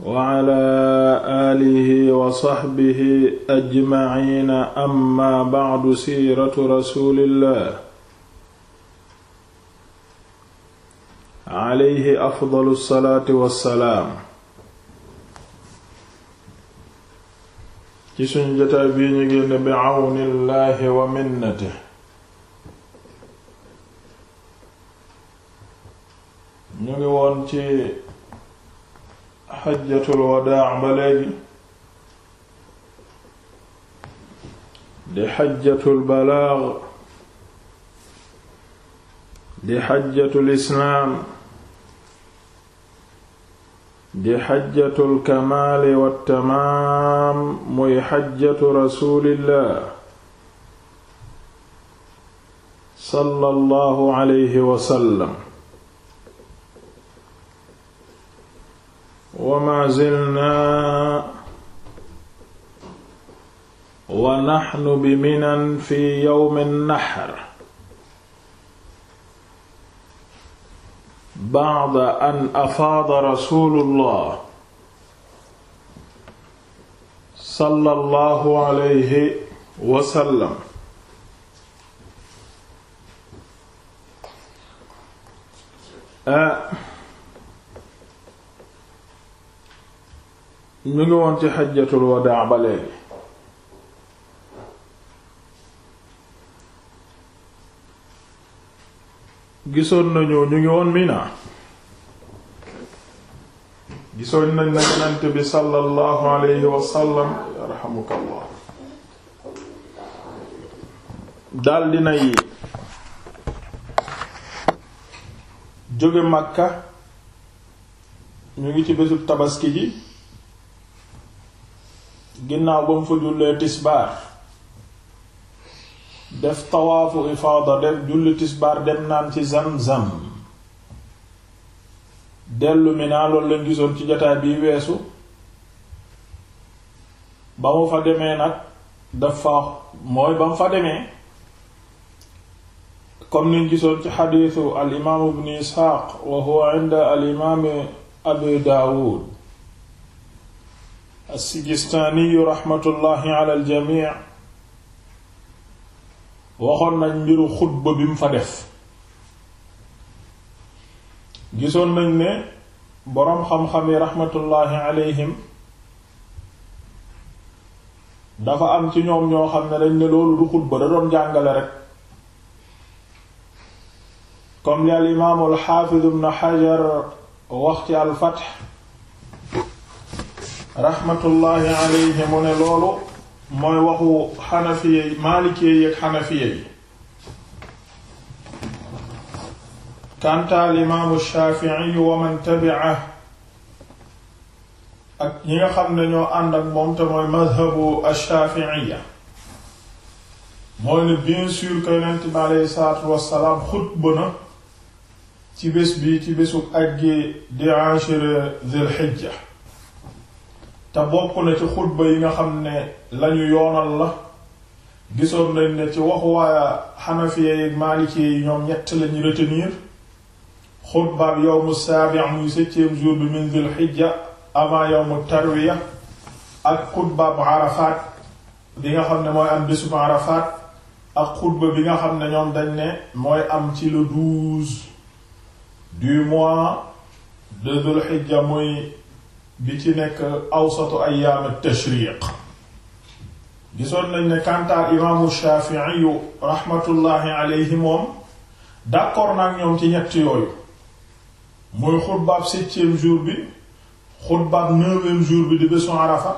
wala aalihi wa saxbihi ajmaciina amma bacdu siiratu rasulillah alayhi afdalu salaati wassalaam ci suñ jotaay bi ñu génn bi cawnillahi ngi woon ci xajjatul wadaa ba léegi di xajjatul balaag di xajjatul islaam di xajjatul kamaali wattamaam muy xajjatu rasuulillah sallallahu alayhi wa sallam wa ma zilna wa naxnu bi minan fi yowmi naxr bacda an afaada rasulullah sallallahu alayhi wa sallam a ñu ngi woon ci xajjatul wadaa gisoon nañu ñu ngi woon gisoon nañ na yonent bi sallallahu alayhi wa sallam yarhamukallah daldi nay jóge Makka ñu ngi ci bésub tabaski ji ginnaaw ba mu fa jullee tisbaar def tawaafu ifaada def julli tisbaar dem naan ci zam-zam dellu mi naa loolu lañ gisoon ci jotaay bi weesu ba mu fa demee nag dafa mooy ba mu fa demee comme niñ gisoon ci xadiisu al imaamu ibn isxaaq wa huwa al imaamu abu daawud as-Sijistaaniyu raxmatullaahi ala al-jamii waxoon nañ mbiru xutba bi mu fa def gisoon nañ ne boroom xam-xam yi raxmatullaahi alayhim dafa am ci ñoom ñoo xam ne dañ ne loolu du xutba da doon jàngale rek comme li al imaam al xaafiz ibn Hajar wax ci al Fath rahmatullahi alayhi mu ne loolu mooy waxu xanafiye yi maalikee yi ak xanafiye yi kantaal tabi'a ak ñi nga xam ne ñoo ànd ak moom madhabu ash-shaafi'iyya mooy ne bien sûr que yonent bi aleyhi salaatu wassalaam xutba na ci bés bi ci bésub hijja te bokk na ci xutba yi nga xam ne lañu yoonal la gisoon nañ ne ci waxu waa xanafiya yi maalikee yi ñoom ñett lañu retenir xutba yowmu saabi' muy septième jour bi min zul xijja avant yowmu tarwiya ak xutba bu arafaat bi nga xam ne mooy am bésub arafaat ak xutba bi nga xam ne ñoom dañ ne mooy am ci le douze du mois de zul xijja muy bi ci nekk awsatu ayyaam tashriq gisoon nañ ne kantaar imaamu shaafiiyu raxmatullaahi alayhi moom d'accord nag ñoom ci ñett yooyu muy xutbaab septième jour bi xutbaab neuvième jour bi di bésu arafa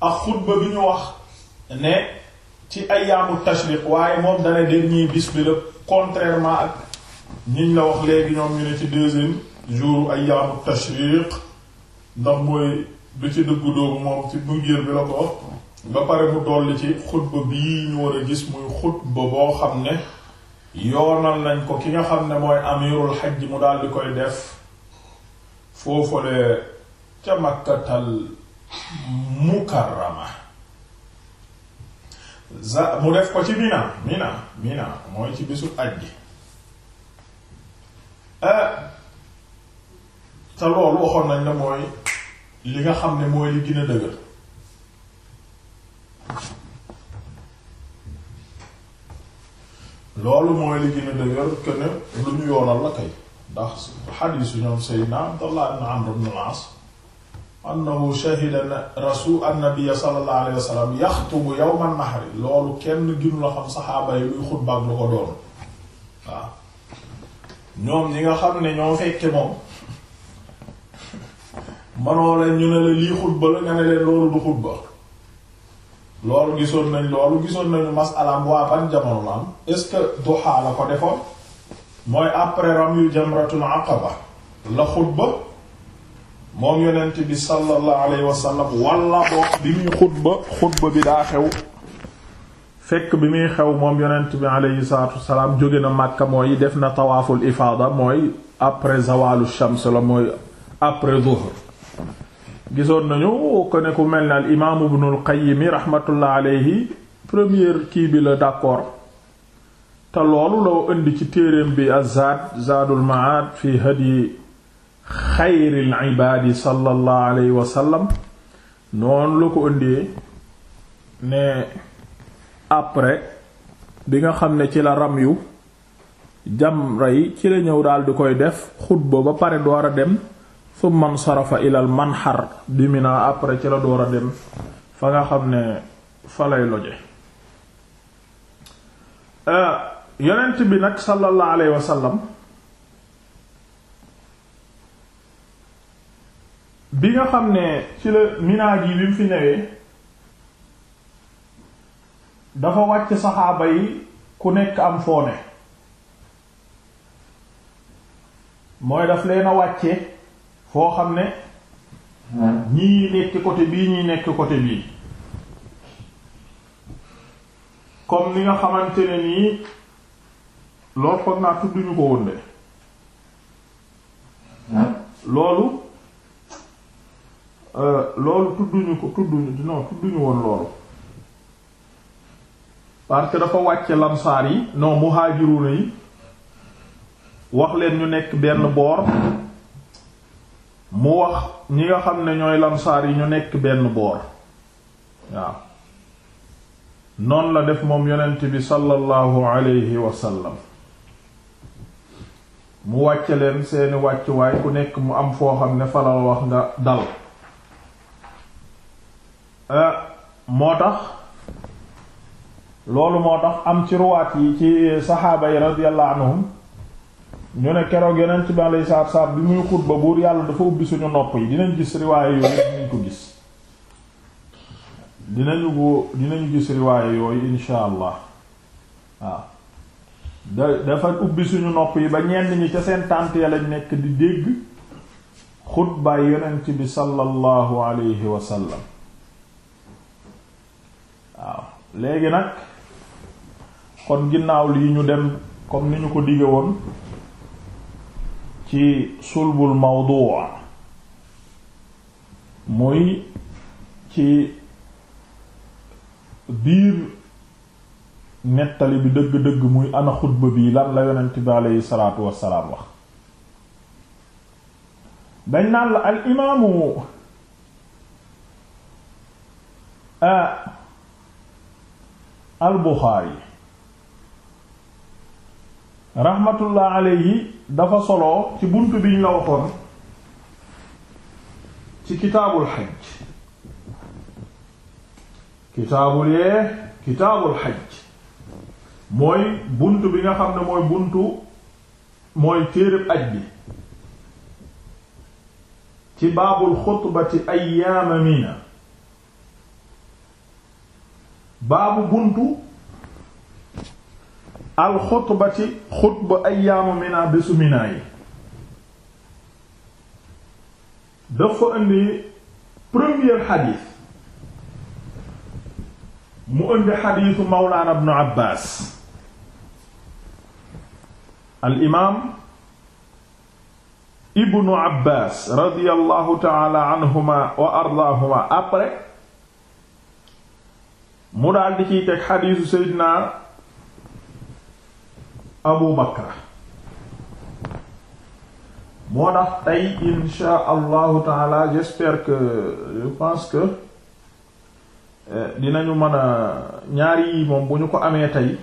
ak xutba bi ñu wax ne ci ayyaamu tashriq waaye moom dana dernier bis bi contrairement ak ñu la wax léegi ñoom ñu ne ci deuxième jour ayyaamu tashriq ndax mooy du ci dëggu doogu moom ci bunjéer bi la ko ba pare mu dolli ci xutba bii ñu war a gis muy xutba boo xam ne yoonal nañ ko ki nga xam ne mooy amirul xaj mu daal di koy def foofale ca makkatal mukarrama za mu def ko ci mina mina mina mooy ci bisu aj gi ah, te loolu waxoon nañ la mooy li nga xam ne mooy li gën a dëgër loolu mooy li gën a dëgër que ne lu ñu yoonal la kay ndax xadiisu ñoom Seydina Abdallah ibn Amr ibn al-As annahu shahida rasul annabiyya sallallahu alayhi wa sallam yaxtubu yawman nahri loolu kenn ginu la xam saxaaba yi luy xutbaak lu ko doon waaw ñoom ñi nga xam ne ñoo fekke moom manoo leen ñu ne lii xutba la nga ne leen loolu du xutba loolu gisoon nañ loolu gisoon nañu masalaam waa ban jamono la am est-ce que duha la ko defoon mooy après ram yu jamratul la xutba moom yonent bi sallallahu alayhi wa sallam wala boo bi muy xutba xutba bi daa xew fekk bi muy xew moom yonent bi alayhi salaat wasalaam jóge na Màkka mooy def na tawaaful ifaada mooy après zawalu shams la mooy après zuhr gisoon nañu ko ne ku mel ne al imaam Ibnul Qayyim rahmatullah première kii bi la d'accord te loolu loo indi ci téereem bi az-Zaad Zaadul Ma'aad fi hadyi xayril ibaadi sallallahu alayhi wa sallam noonu la ko indee ne après bi nga xam ne ci la ram yu jamra yi ci la ñëw daal di koy def xutba ba pare door a dem. thumma nsarafa ilal manxar di Mina après ci la door a dem fa nga xam ne fa lay loje euh, yonent bi nag sallallahu alayhi wa sallam bi nga xam ne ci la Mina gi bi mu fi newee dafa wàcc saxaaba yi ku nekk am foone mooy daf leen wàcce foo xam ne ñii nekk côté bii ñii nekk côté bii comme ni nga xamante ne nii loolu foog naa tudduñu ko euh, loolu tudduñu ko tudduñu non tudduñu woon loolu parce dafa wàcce lamsaar yi non muhaajiruna yi wax leen ñu nekk benn boor mu wax ñi nga xam ne ñooy lamsaar yi ñu nekk benn boor waaw noonu la def moom yonent bi sallallahu alayhi wa sallam mu wàcce leen seeni wàccuwaay ku nekk mu am foo xam ne falal wax nga dal eh, moo tax loolu moo tax am ci ruwaat yi ci saxaaba yi radiyallahu anhum ñu ne keroog yeneen ci bàlay saab saab bi muy ba buur yàlla dafa ubbi suñu nopp yi dinañ gis riwaaye yooyu dinañ ko gis dinañu ko gis riwaaye yooyu insha allah waaw da dafa ubbi suñu nopp yi ba ñenn ñi ca seen tànt ya lañ nekk di dégg xutbaay yonent bi sallallahu alayhi wa sallam waaw léegi nag kon ginnaaw lii ñu dem comme ni ñu ko diggee woon ci sulbul mawduu muy ci biir nettali bi dëgg-dëgg muy ana xutba bi lan la yonent bi aleyhi salaatu wassalaam wax dañ naan al imaamu al buxaari raxmatullah aleyhi dafa solo ci buntu biñ la waxoon ci kitaabul xaj kitaabul yee mooy buntu bi nga xam ne mooy buntu mooy téereb aj bi ci baabul xutbati ayyaama mina baabu buntu alxutbati xutba ayaamu Mina bésu Mina yi dafa premier xadiis mu indi xadiisu Mawlaana ibnu Abbaas al imaam ibnu Abbaas radiyallahu taala anhuma wa ardaahuma après mu daal di ciy teg xadiisu Seydina abu bakra moo tax tey insha allahu taala j'espère que je pense que eh, dinañu mën ñaari yi moom bu ñu ko amee tey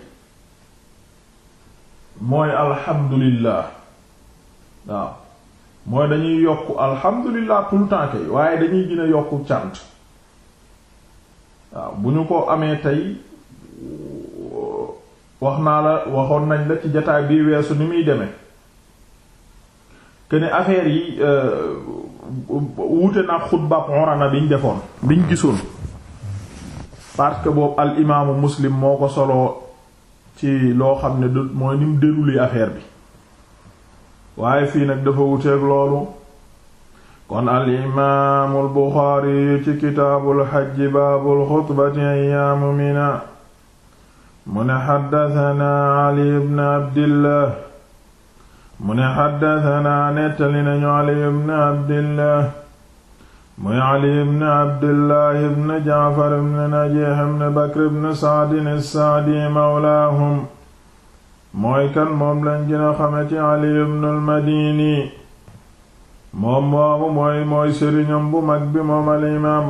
mooy alhamdulillah waaw mooy dañuy yokk alhamdulillah tout temps waaye dañuy gën yokk cant waaw bu ñu ko amee tey wax naa la waxoon nañ la ci jataay bii weesu ni muy demee que ne yi euh, wuute nag xutbaab Urana biñ defoon biñ gisoon parce que boobu al imaamu muslim moo ko soloo ci loo xam ne du mooy ni mu déroulé bi waaye fii nag dafa wuteeg loolu kon al imaamu al ci kitaabul xajji baabul xutbati ayyaamu mina mu ne xaddatanaa ali ibn abdillah mu ne xaddatanaa nettali nañu ali ibn abdillah muy ali ibn abdillah ibn jaafar ibn najiix ibn bakr ibn saadin as-saadi mawlaahum mooy kan moom lañ gën a xame ci ali ibn al-madini moom moomu mooy mooy sëriñam bu mag bi moom al imaam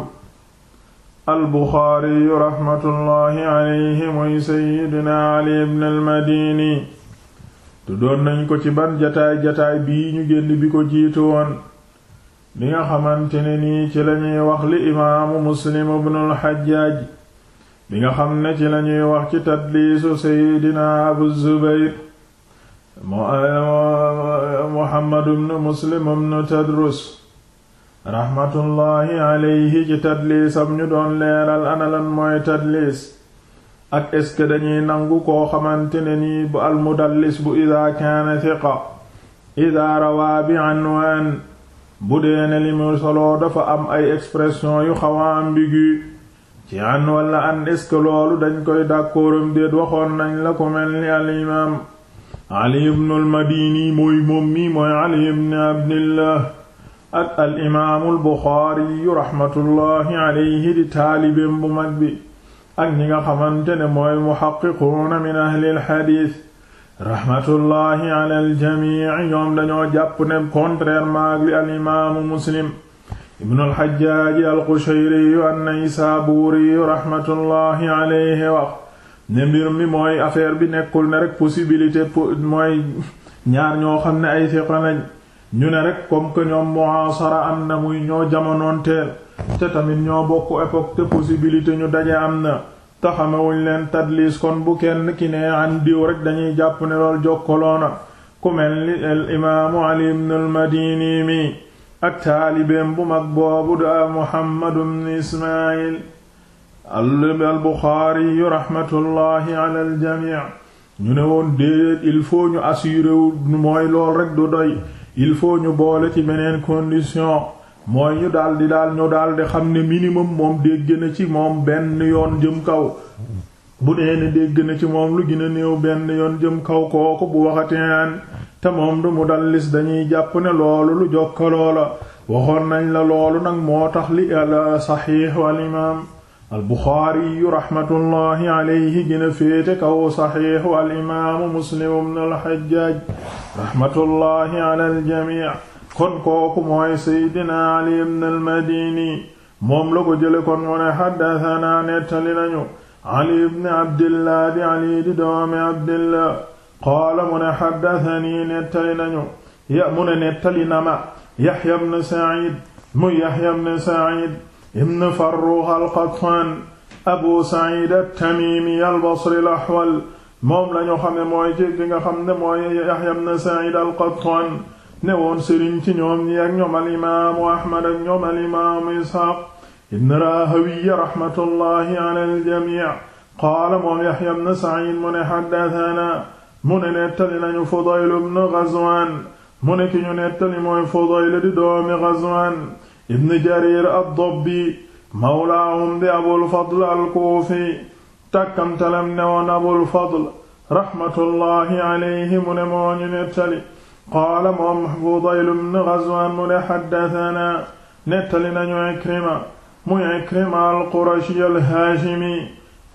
albuxaariyu raxmatullahi alayhi muy seydina ali ibn almadini tuddoon nañ ko ci ban jataay-jataay bii ñu génn bi ko jiitu woon bi nga xamante ne nii ci lañuy wax li imaamu muslim ibnul xajjaaj bi nga xam ne ci lañuy wax ci tadliisu seydina abu zubayr muhammadu ibn muslim ibn tadrus raxmatullaahi alayhi ci tadliisam ñu doon leeral analan mooy tadliis ak est dañuy nangu ko xamante ne nii bu almudallis bu ida kaana thiqa ida rawaa anwaan bu deene li mu dafa am ay expression yu xawa ambigu ci an walla an est loolu dañ koy dàkkooram déet waxoon nañ la ko mel ni al ali ibn al mooy moom mooy ali ibn abdillah ak al imaamul Buxaari di taalibeem bu mag bi ak ñi nga xamante ne mooy muxaqiquuna min ahlil xadiis raxmatullaahi alal jamii ñoom dañoo jàpp ne al imaamu al Qushayri an-Naysaabuuri raxmatullaahi wax ne mbir mi mooy affaire bi nekkul ne rek possibilité mooy ñaar ñoo xam ne ay siqa lañ ñu ne rek comme que ñoom muasara am na muy ñoo jamonoonteel te tamit ñoo bokk époque te possibilité ñu daje am na taxamewuñ leen tadlis kon bu kenn ki nee diw rek dañuy jàpp ne lool jokkaloona ku mel ni al imaamu ali madini mi ak taalibeem bu mag boobu daa muhammadu ibn ismail al buxaari rahmatullahi ala al jamii ñu ne woon déedéet il faut ñu assuré wu mooy lool rek du doy il faut ñu boole ci meneen condition mooy ñu daldi daal ñu daldi xam ne minimum moom dégg na ci moom benn yoon jëm kaw bu dee ne dégg na ci moom lu gën néew benn yoon jëm kaw kooku bu waxateen te moom du mudallis dañuy jàpp ne loolu lu jokkaloo la waxoon nañ la loolu nag moo tax li al saxiix wal imaam albuxaariyu raxmatullahi alayhi gëna féete kaw saxiixu alimaamu muslim ibn alxajjaaj raxmatullahi ala aljamic kon kooku mooy seydina ali ibn almadini moom la ko jële kon mu ne xaddatanaa nettali nañu ali ibn abdillah di ali di doomi abdillah qaala mu ne xaddatanii nettali nañu ya mu ne nettali nama yaxya ibn saciid mu yaxya ibn saciid ibn Farrux al-Qattaan Abu Saciid at-Tamiimi al-Basri al-Ahwal moom lañu xame mooy ci ki nga xam ne mooy Yaxya ibn Saciid al-Qattaan ne woon sëriñ ci ñoom ñi ak ñoom alimaamu Ahmad ak ñoom alimaamu Isxaaq ibn Raahawayh raxmatullahi ala al-jamii' qaala moom Yaxya ibn Saciid mu ne xaddatanaa mu ne nettali nañu Fudayl ibn Gazwaan mu ne ki ñu nettali mooy Fudayl di doomi Gazwaan ibn jarir ad-dabbi mawlaahum di abul fadl al-kuufi tàkkamtalam ne woon abul fadl raxmatullaahi alayhi mu ne moo ñu nettali qaala moom Fudayl ibn Ghazwaan mu ne xaddatanaa nettali nañu Ikrima muy Ikrima al-Qurashi al-Haashimi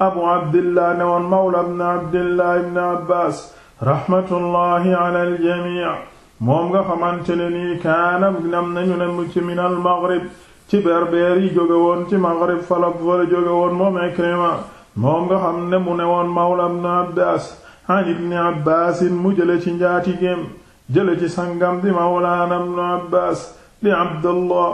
abu abdillah ne woon mawla ibn abdillah ibn Abbaas raxmatullaahi ala al-jamii moom nga xamante ne nii kaana nam nañu ne mu ci minal maghrib ci berbeer yi jóge woon ci maghrib falab fala jóge woon moom Ikrima moom nga xam ne mu ne woon mawla ibn Abbaas an ibn Abbaas mu jële ci njaatigéem jële ci sangam di mawlaana ibn Abbaas di Abdallah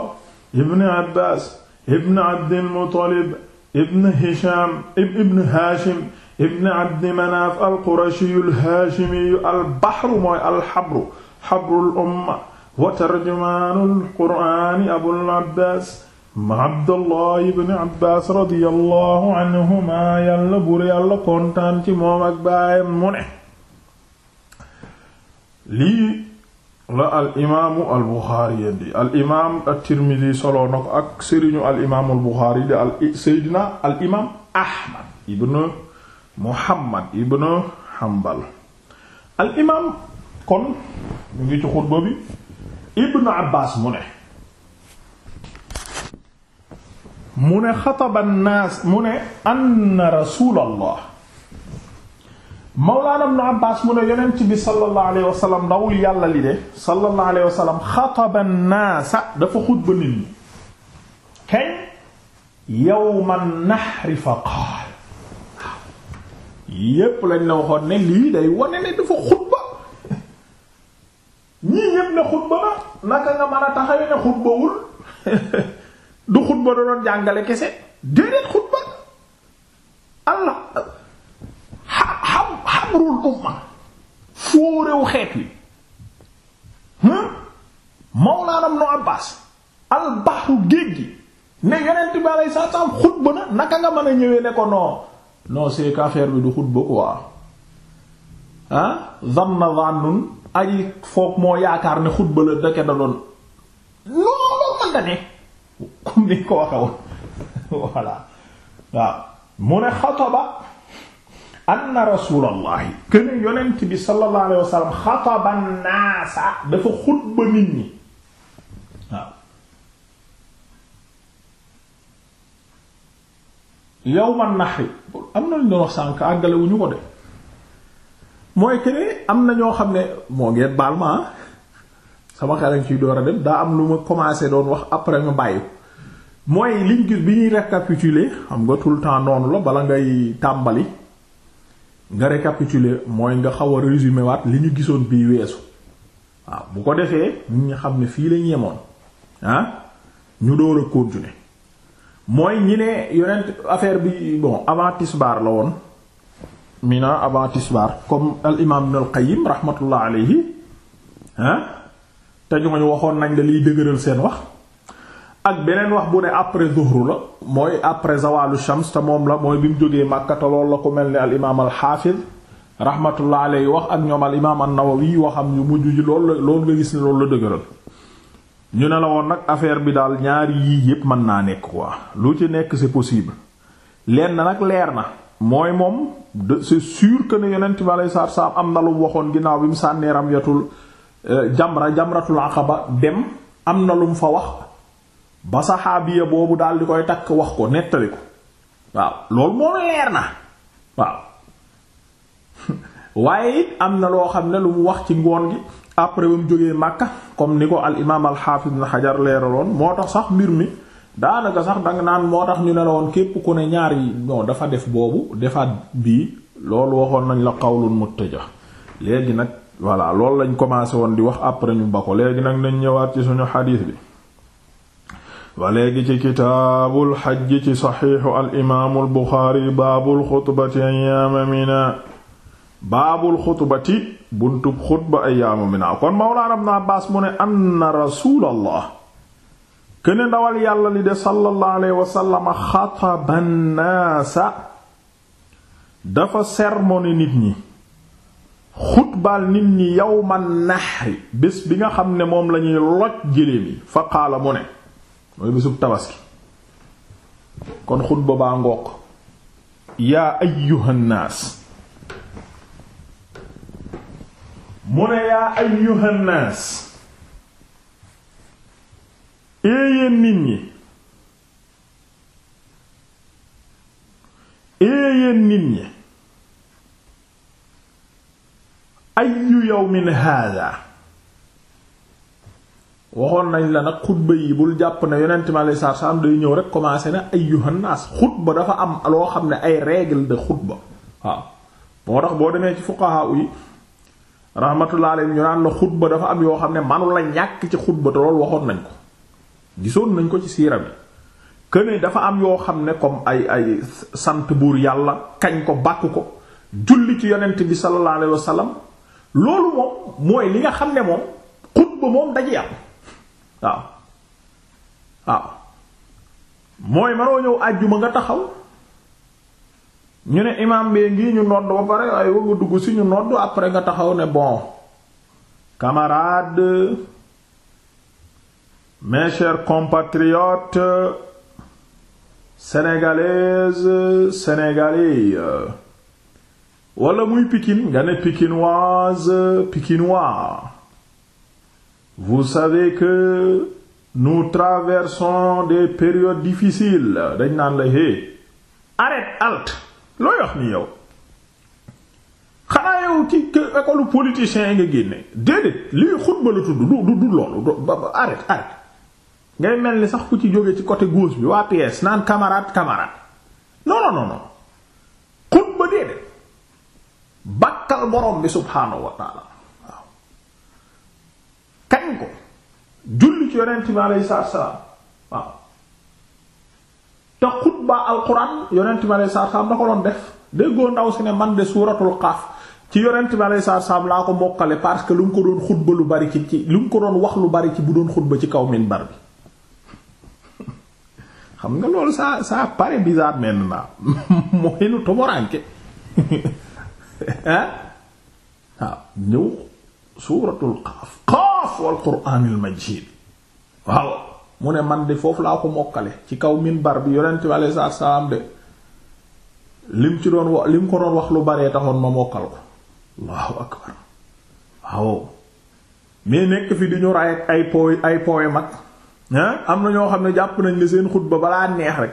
ibn Abbaas ibn Abdil Muttalib ibn Hisham ibn Haashim ibn Abdi Manaaf al-Qurashiyu al-Haashimiyu al-Bahru mooy al-Habru xabrul umma wa tarjumaanul qur'aani abul abbaas abdullah ibn abbaas radiyallahu anhuma yàlla buur yàlla kontaan ci moom ak baayam mu ne lii la al imaamu al buxaari yandi al imaam at-tirmidi soloo na ko ak sëriñu al imaam al buxaari di al seydina al imaam ahmad ibn muhammad ibn hanbal al imaam kon ñu ngi ci xutba bi ibnu abbas mu ne mu ne xataba an mu ne anna rasulallah mawlaana ibnu abbas mu ne yonent bi sallallahu alayhi wa sallam yàlla li de sallallahu alayhi wa sallam dafa xutba nit ñi kañ yawma an-nahri fa qaal yépp lañ la ne lii day wone ne dafa xutba ñii ñépp ne xutba na naka nga mën a taxawee ne xutbawul du xutba doon jàngale kese déedéet xutba allah xam xamrul umma foo xeet wi hmm? Mawlaana Ibnu Abbaas albaxru géej gi ne yonent bi alayhi salaam xutba na naka nga mën a ñëwee ne ko non non c'est qu'affaire bi du xutba quoi ah zanna zannun aji foog moo yaakaar ne xutba la dake da doon loolu man da ne ni ko waxe woon waaw mu ne xataba anna rasulallahi kuene yonent bi sallallahu alayhi wa sallam xataba dafa xutba nit ñi waaw yawma nahri am na lu ñu doon wax sànk àggale ko def mooy que am na ñoo xam ne moo ngeen baal ma sama xelam ciy door a dem daa am lu ma commencé doon wax après ma bàyyi mooy liñ gis bi ñuy récapituler xam nga tout le temps noonu la bala ngay tàmbali nga récapituler mooy nga xaw a résumer waat li ñu gisoon bii weesu waaw bu ko defee ñu ñi xam ne fii lañ yemoon ah ñu door a continuer mooy ñi ne yonent affaire bi bon avant tisbaar la woon. mina avant tisbaar comme al imaam Ibn al Qayyim rahmatullah alayhi ah te ñooñu waxoon nañ la liy dëgëral seen wax ak beneen wax bu ne après zuhru la mooy après zawalu shams te moom la mooy bi jógee Makka te la ko mel ni al imaam al xaafid rahmatullah alayhi wax ak ñoom al imaam an-Nawawi waxam yu mujj ji loolu la loolu nga gis ne loolu la dëgëral. ñu ne la woon nag affaire bi daal ñaari yii yépp mën naa nekk quoi lu ci nekk c'est possible lenn nag leer na. mooy moom de c'est sûr que ne yonent bi aleyhi salaatu salaam am na lu mu waxoon ginnaaw bi mu sànnee ramyatul euh, jamra jamratul ba dem am na lu mu fa wax ba saxaabiya boobu daal di koy takk wax ko nettali ko waaw loolu moom leer na waaw waaye it am na loo xam ne lu mu wax ci ngoon gi après ba mu jógee Makka comme ni ko al imaam al xaafis na xajar leeraloon moo tax sax mbir mi. daanaka sax danga naan moo tax ñu ne la woon képp ku ne ñaari yi dafa def boobu defaat bii loolu waxoon nañ la qawlun muttaja léegi nag voilà loolu lañ commencé woon di wax après ñu ba ko léegi nag nañ ñëwaat ci suñu xadiis bi wa léegi ci kitaabul xajji ci saxiixu al imaamul buxaari baabul xutbati ayaama mina baabul xutbati buntub xutba ayaama mina kon mawlaana na abbaas mu ne anna rasuulallah këne ndawal yàlla li de sallallahu alayhi wasallam xataba naasa dafa sermone nit ñi xutbaal nit ñi yawma nahri bés bi nga xam ne moom lañuy loj géléem yi fa qaala mu ne mooy bésub tabaski kon xutba baa ngook yaa ayyuhan naas mu ne yaa ayyuhan naas éeyéen nit ñi éeyéen nit ñi ayyu yawmin haadaa waxoon nañ la nag xutba yi bul jàpp na yonent mi alayhi salaatu salaam day ñëw rek commencé na ay naas xutba dafa am loo xam ne ay règle de xutba waaw moo tax boo demee ci fuqaha yi rahmatullah ñu naan la xutba dafa am yoo xam ne manu la ñàkk ci xutba te loolu waxoon nañ ko gisoon nañ ko ci siira bi këne dafa am yoo xam ne comme ay ay sant buur yàlla kañ ko bàkk ko julli ci yonent bi sallallahu alayhi wasallam loolu moom mooy li nga xam ne moom xutba moom daje am waaw waaw mooy manoo ñëw àjjuma nga taxaw ñu ne imam bee ngi ñu nodd ba pare ay wëgga dugg si ñu nodd après nga taxaw ne bon camarade Mes chers compatriotes sénégalaises sénégalais wala muy Pikine nga ne pikinoise pikinois vous savez que nous traversons des périodes difficiles dañ naan la hé arrête halte looy wax ni yow xanaa yow ci école politicien nga génne déedéet lii xutba la tudd du du loolu arrête arrête ngay mel ni sax ku ci jóge ci côté gauche bi waa PS naan camarade camarade non non non non xut ba dee de bakkal borom bi subhaanahu wa taala waaw kañ ko julli ci yonent bi alayhi salaam waaw te xutba alquran yonent bi alayhi salaam da ko doon def déggoo ndaw si ne man de suuratul xaaf ci yonent bi alayhi salaam laa ko mokkale parce que lu mu ko doon xutba lu bari ci ci lu mu ko doon wax lu bari ci bu doon xutba ci kaw minbar bi xam nga loolu ça ça paraît bizarre maintenant mooy lu tomoranke ah waaw ñëw suuratul qaaf qaaf wal qur'aanil majiid waaw mu ne man de foofu laa ko mokkale ci kaw minbar bi yonent bi alayhi salaam de lim ci doon wax lim ko doon wax lu baree taxoon ma mokkal ko allahu akbar waaw mais nekk fi di ñu raay ay po ay poème ak am na ñoo xam ne jàpp nañ ne seen ba balaa neex rek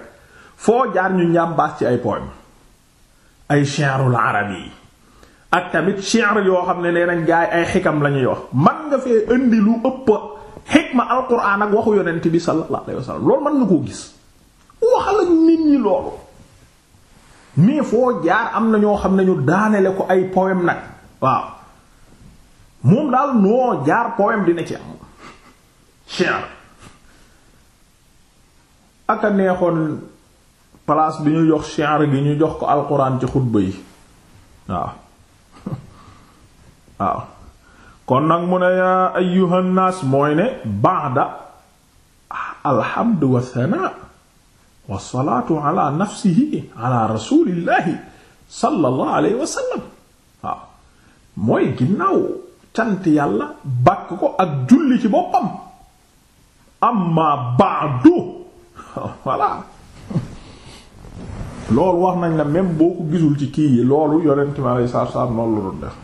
foo jaar ñu njàmbaas ci ay poème ay shi'rul arabi yi ak tamit shi'r yoo xam ne nee nañ gaay ay xikam la ñuy wax man nga fee indi lu ëpp xikma alquran ak waxu yonent bi sallallahu alayhi wasallam loolu mën na koo gis waxal ak nit ñi loolu mais foo jaar am na ñoo xam ne ñu daanele ko ay poème nag waaw moom daal noo jaar poème dina ci am shi'r ak neexoon place bi ñu jox shi'ar gi ñu jox ko alquran ci xutba yi waaw waaw kon nag mu ne yaa ayyuhan naas mooy ne ba'da alhamdu wa thanaa waaw mooy ginnaaw cant yàlla bàkk ko ak julli ci boppam amma ba'du voilà loolu wax nañ la même boo ko gisul ci kii yi loolu yonent mi alayhi salaatu salaam noonu la doon def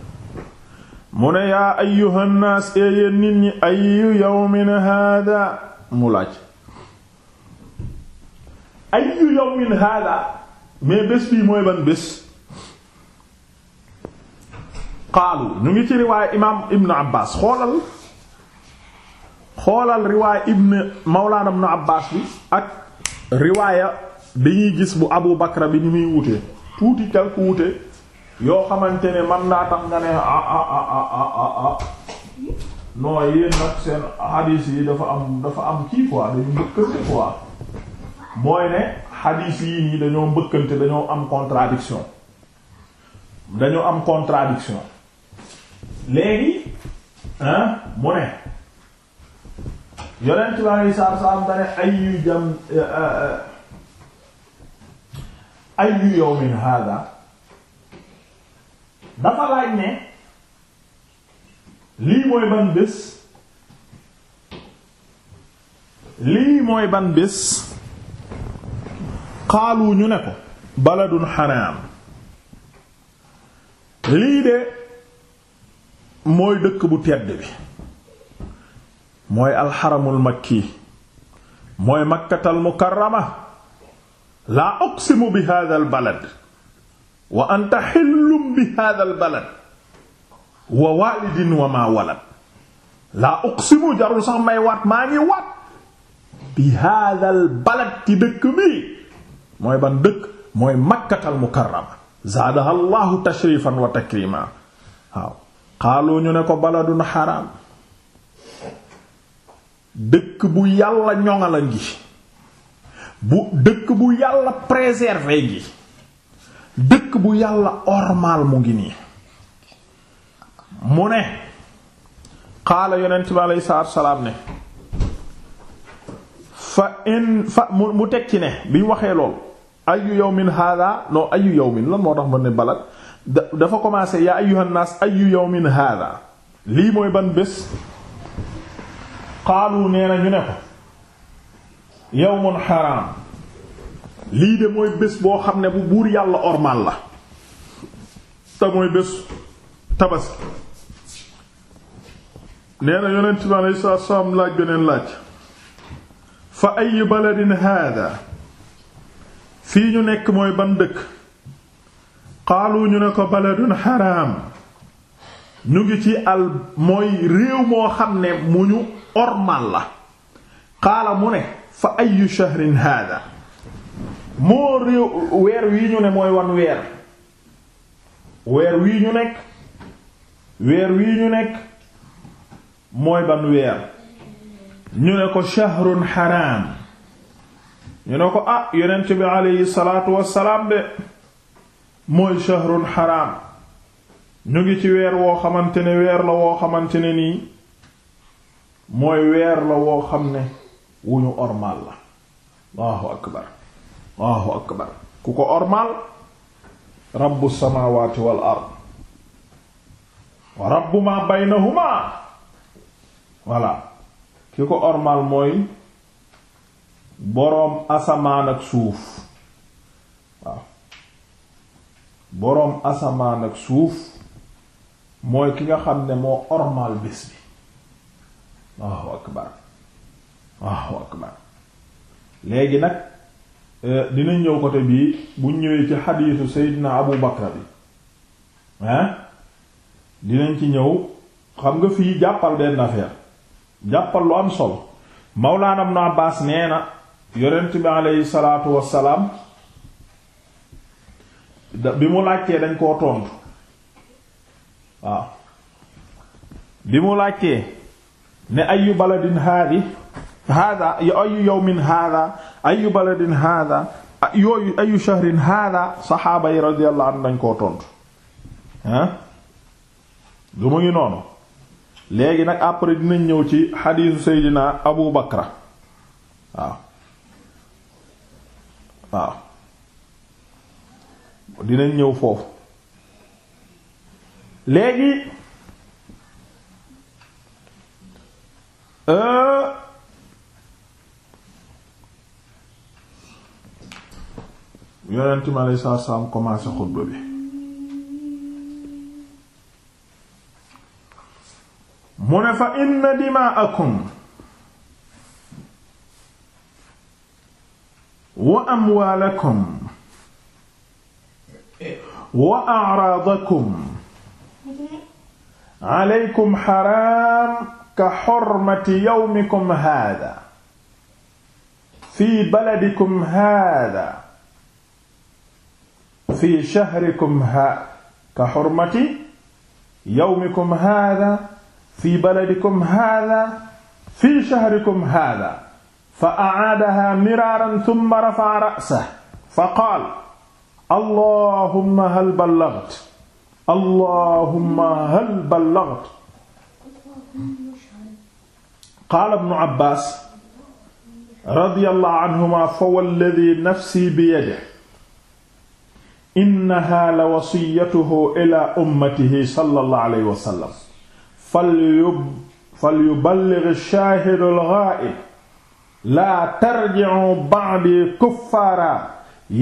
mu ne yaa ayyuhan naas yéen nit ñi ayyu yawmin haada mu laaj ayyu yawmin haada mais bés bii mooy ban bés qaalu ñu ngi ci riwaaya imaam ibnu abbaas xoolal xoolal riwaaya ibn mawlaana ibn Abbaas bi ak riwaaya dañuy gis bu Abu Bakra bi ni muy wutee tuuti quelque wute yoo xamante ne man naa tax nga ne ah ah ah ah ah, ah, ah, ah. non nag seen hadith yi dafa am dafa am kii quoi dañu mbëkkante quoi mooy ne hadith yi nii dañoo mbëkkante dañoo am contradiction dañoo am contradiction léegi hein mu ne yonent bi alei saatu salaam dane ayyu jam eh, eh, eh, ayyu yawmin hada dafa laaj ne lii mooy ban bés lii mooy ban bés xaalu ñu ne ko baladun xaraam lii de mooy dëkk bu tedd bi mooy alxaramul makki mooy makkatal mukarrama laa uqsimu bi haadal balad wa anta xillum bi haadal balad wa waalidin wa maa walad laa uqsimu jarul sax may waat maa ngi waat bi haadal balad ci dëkk mii mooy ban dëkk mooy makkatal mukarrama zaadaha allahu tashrifan wa takrima waaw xaaloo ñu ne ko baladun xaraam dëkk bu yàlla ñoŋala ngi bu dëkk bu yàlla préserver ngi dëkk bu yàlla ormal mu ngi nii mu ne xaala yonent bi aleyhi salaatu salaam ne fa in fa mu mu teg ci ne bi waxee lool ayu yawmin hada non ayu yawmin lan moo tax ma ne balad dafa commencé yaa ayyuhan naas ayu yawmin hada lii mooy ban bés xaalu nee na ñu ne ko yawmun haram lii de mooy bés boo xam ne bu buur yàlla ormal la te mooy bés tabaski nee na yonent bi alayhi salaatu laaj beneen laaj fa ay baladin hada fii ñu nekk mooy ban dëkk xaalu ñu ne ko baladun haram ñu ngi ci al mooy réew moo xam ne mu ñu ormal la xaala mu ne fa ayu shahrin hada moo réew weer wii ñu ne mooy wan weer weer wii ñu nekk weer wii ñu nekk mooy ban weer ñu ne ko shahrun haram ñu ne ko ah yonent bi aleyhi salaatu wassalaam de mooy shahrun haram ñu ngi ci weer woo xamante ne weer la woo xamante ne nii mooy weer la woo xam ne wu ñu ormal la allahu akbar allahu akbar ku ko ormal rabbu samawati wal ard wa rabbu ma baynahuma voilà ki ko ormal mooy boroom asamaan ak suuf waaw boroom asamaan ak suuf mooy ki nga xam ne moo ormal bés bi Allahu akbar Allahu akbar léegi nag e, dinañ ñëw côté bii bu ñëwee ci xadiisu Seydina Abu Bakra bi hein dinañ ci ñëw xam nga fii jàppal benn affaire jàppal lu am solo Mawlaana Ibn Abbaas nee na yonent bi aleyhi salaatu wassalaam bi mu laajtee dañ koo tontu waaw bi mu laajtee ne ayu baladin haadi haada ayu yawmin haada ayu baladin haada yooyu ayu shahrin haada saxaaba yi radiyallahu anhu dañ koo tontu ah du mu ngi noonu léegi nag après dinañ ñëw ci xadiisu seydina abu bakra waaw waaw dinañ ñëw foofu léegi Euh, yonent mi aleyhi salaatu salaam commencé xutba bi mu ne fa inna dimaakum wa amwaalakum wa a'raadakum aleykum xaraam ka xormati yawmikum haadaa fii baladikum haadaa fii shahrikum haadaa ka xormati yawmikum haadaa fii baladikum haadaa fii shahrikum haadaa fa acaadahaa miraaran summa rafaca ra'sahu fa qaala allahumma hal ballagtu allahumma hal ballagtu qaala ibnu abbaas radiyallahu anhuma fa walladhi nafsi biyadihi innaha la wasiyatuhu ila ummatihi sallallahu alayhi wa sallam falyuballigh ash-shaahid al-ghaa'ib laa tarji'u ba'dii kuffaaran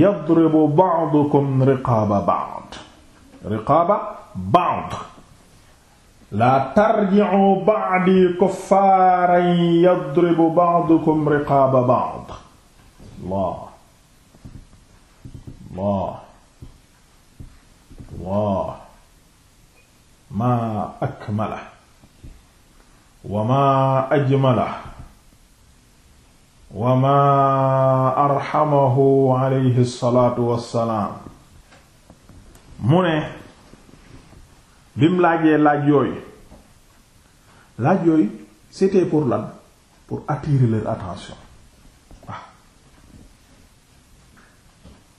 yadribu ba'dukum riqaaba ba'd riqaaba ba'd laa tarji'u ba'di kuffaaran yadribu ba'dukum riqaaba ba'd Allah Allah Allah maa akmala wa maa ajmala wa maa arhamahu alayhi salaatu wassalaam mu ne bi mu laajee laaj yooyu laaj yooyu c'était pour lan pour attirer leur attention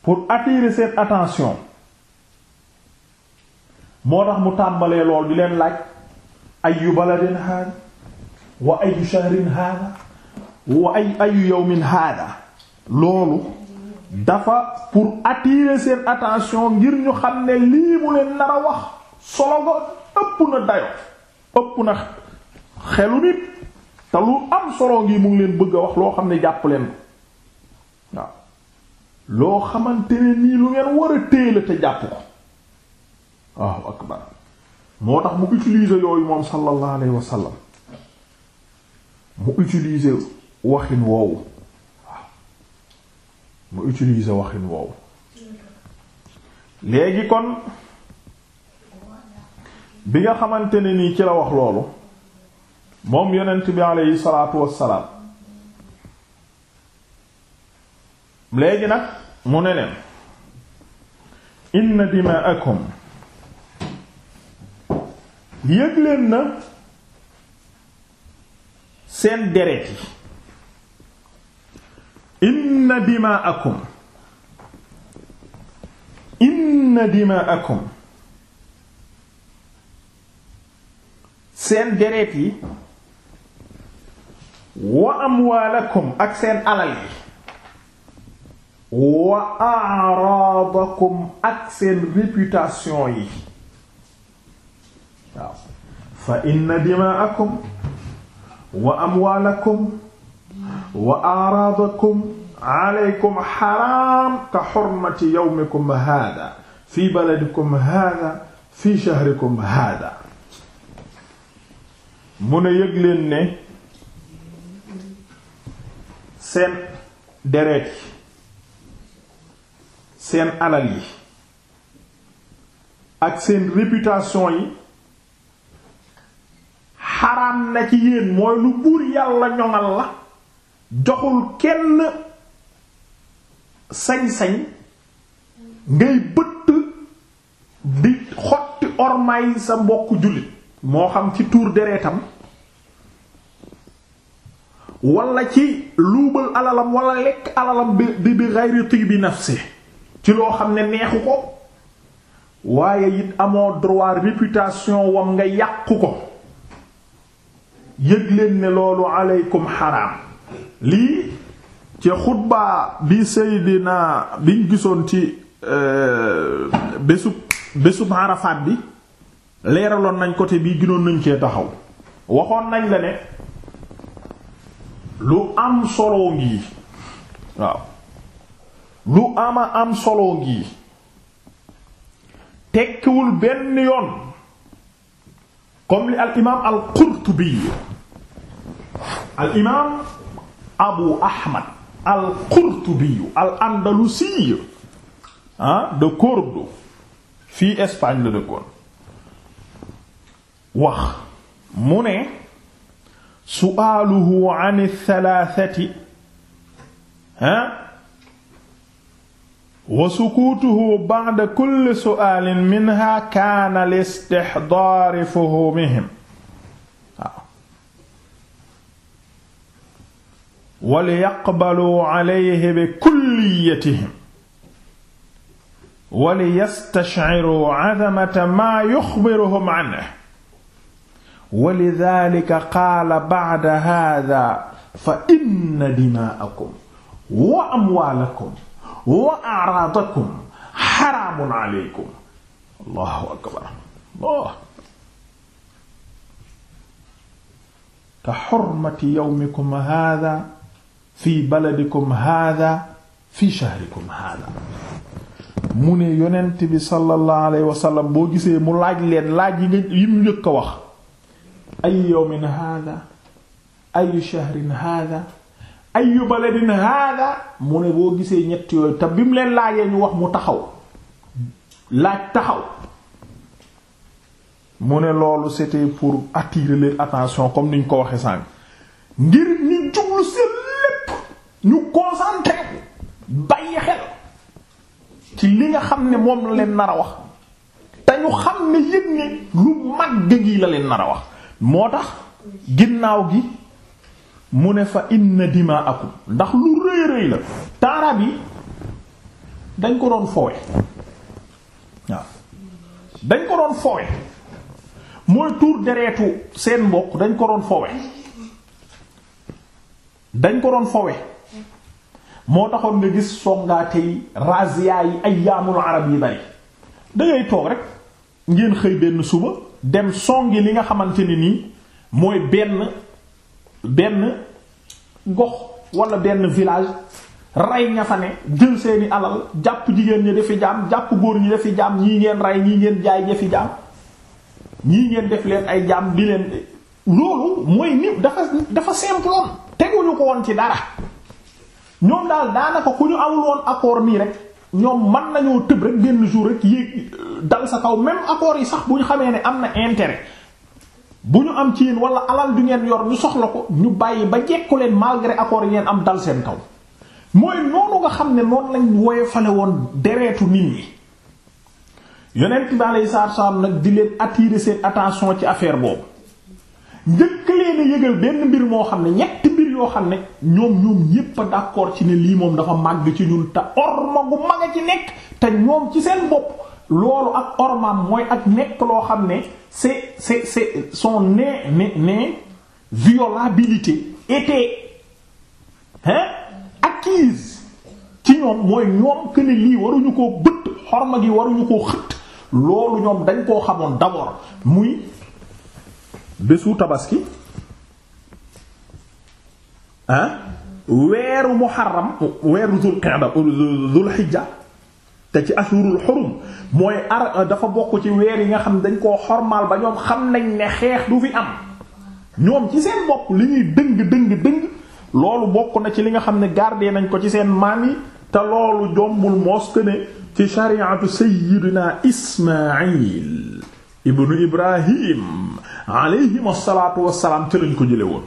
pour attirer cette attention moo tax mu tàmbalee lool di leen laaj ayu baladin haada wa ayu shahrin haada wa ay ayu yawmin haada loolu dafa pour attirer seen attention ngir ñu xam ne lii mu leen nar a wax solo nga ëpp na dayo ëpp na xelu nit te lu am solo ngi mu ngi leen bëgg a wax loo xam ne jàpp leen ko waaw loo xamante ne nii lu ngeen war a la te jàpp ko waaw akbar moo tax mu utiliser yooyu moom sallallahu alayhi wa sallam mu utiliser waxin woowu waaw mu utiliser waxin woowu léegi kon bi nga xamante ne nii ci la wax loolu moom yonent bi aleyhi salaatu wassalaam léegi nag mu ne leen inna dimaakum yëg na seen deret yi inna dimaakum inna dimaakum seen deret yi wa amwaalakum ak seen alal yi wa a'raadakum ak seen réputation yi waaw fa inna dima'akum wa amwaalakum wa a'raadakum aleykum xaraam ka xurmati yawmikum haada fi baladikum haada fi shahrikum haada mu ne yëg leen ne seen deret yi seen alal yi ak seen réputation yi xaraam na ci yéen mooy lu buur yàlla ñoŋal la joxul kenn sañ-sañ ngay bëtt di xotti ormay sa mbokk jullit moo xam ci tuur deretam wala ci luubal alalam wala lekk alalam bi bi ghayri tibi nafsi ci loo xam ne neexu ko waaye it amoo droit réputation wam nga yàqu ko yëg leen ne loolu aleykum xaraam lii ci xutbaa bi Seydina biñ gisoon ci euh, bésub bésub Arafat bi leeraloon nañ côté bii ginoon nañ cee taxaw waxoon nañ la ne lu am solo ngi waaw lu ama am solo ngi tekkiwul benn yoon comme li al imaam al qurtubi al imaam abu ahmad ah, fii Espagne la dëkkoon wax mu ne suaaluhu an althalathati ah wa sukuutuhu ba'da kulli suaalin minha kaana li istixdaari fuhumihim wa liyaqbaluu alayhi bi kulliyatihim wa liyastashciruu cadamata maa yuxbiruhum canhu walidaalika qaala ba'da haadaa fa inna dimaa'akum wa amwaalakum wa a'raadakum xaraamun aleykum allahu akbar allah ka xurmati yawmikum haadaa fi baladikum haadaa fi shahrikum haadaa mu ne yonent bi sallallahu alayhi wa sallam boo gisee mu laaj leen laaj yi nga yi mu njëkk a wax ay yawmin hàdha ay shahrin hàdha ay baladin hàdha mu ne boo gisee ñetti yooyu te bi mu leen laajee ñu wax mu taxaw laaj taxaw mu ne loolu c'était pour attirer leur attention comme niñ ko waxee sànk ngir ñu jublu seen lépp ñu concentré bàyyi xel ci li nga xam ne moom la leen nar a wax te ñu xam ne yëg ne lu mag dëgg la leen nar a wax moo tax ginnaaw gi mu ne fa inna dimaakum ndax lu rëy rëy la taarab yi dañ ko doon fowe waaw dañ ko doon fowe mooy tuur deretu seen mbokk dañ ko doon fowe dañ ko doon foowe moo taxoon nga gis songaate yi razia yi ay yaamul arab yi bari dangay toog rek ngeen xëy benn suba dem songi li nga xamante ne nii mooy benn benn gox wala benn village rey ña fa ne jël seeni alal jàpp jigéen ñi dafi jaam jàpp góor ñi dafi jaam ñii ngeen rey ñii ngeen jaay dafi jaam ñii ngeen def leen ay jaam di leen loolu mooy ni dafa dafa simple woon teguñu ko woon ci dara ñoom daal daanaka ku ñu amul woon accord nii rek ñoom man nañoo tëb rek benn jour rek yéeg euh, dal sa kaw même accords yi sax bu ñu xamee ne am na intérêt bu ñu am ci yéen wala alal du ngeen yor ñu soxla ko ñu bàyyi ba jekku leen malgré accords yi ngeen am dal seen kaw mooy noonu nga xam ne noonu lañ woyofale woon dereetu nit ñi yonent bi alayhi salaatu wa nag di leen attirer seen attention ci affaire boobu. njëkk leen yëgal benn mbir moo xam ne ñetti mbir yoo xam ne ñoom ñoom ñépp a d'accord ci ne lii moom dafa màgg ci ñun te orma gu mag a ci nekk te ñoom ci seen bopp loolu ak ormaam mooy ak nekk loo xam ne c'est c'est c'est son ne ne ne violabilité était hein acquise ci ñoom mooy ñoom que lii waruñu koo bëtt xorma gi waruñu ko xëtt loolu ñoom dañ koo xamoon d'abord muy bésu tabaski ah weeru muharram weeru zul qa'da zul hijja te ci ashurul xurum mooy ar dafa bokk ci weer yi nga xam dañ koo xormaal ba ñoom xam nañ ne xeex du fi am ñoom ci seen bopp li ñuy dëng dëng dëng loolu bokk na ci li nga xam ne gardé nañ ko ci seen maam yi te loolu jombul moos ne ci shariatu sayyidina ismail ibnu ibrahim alayhim asalaatu wasalaam ca lañ ko jële woon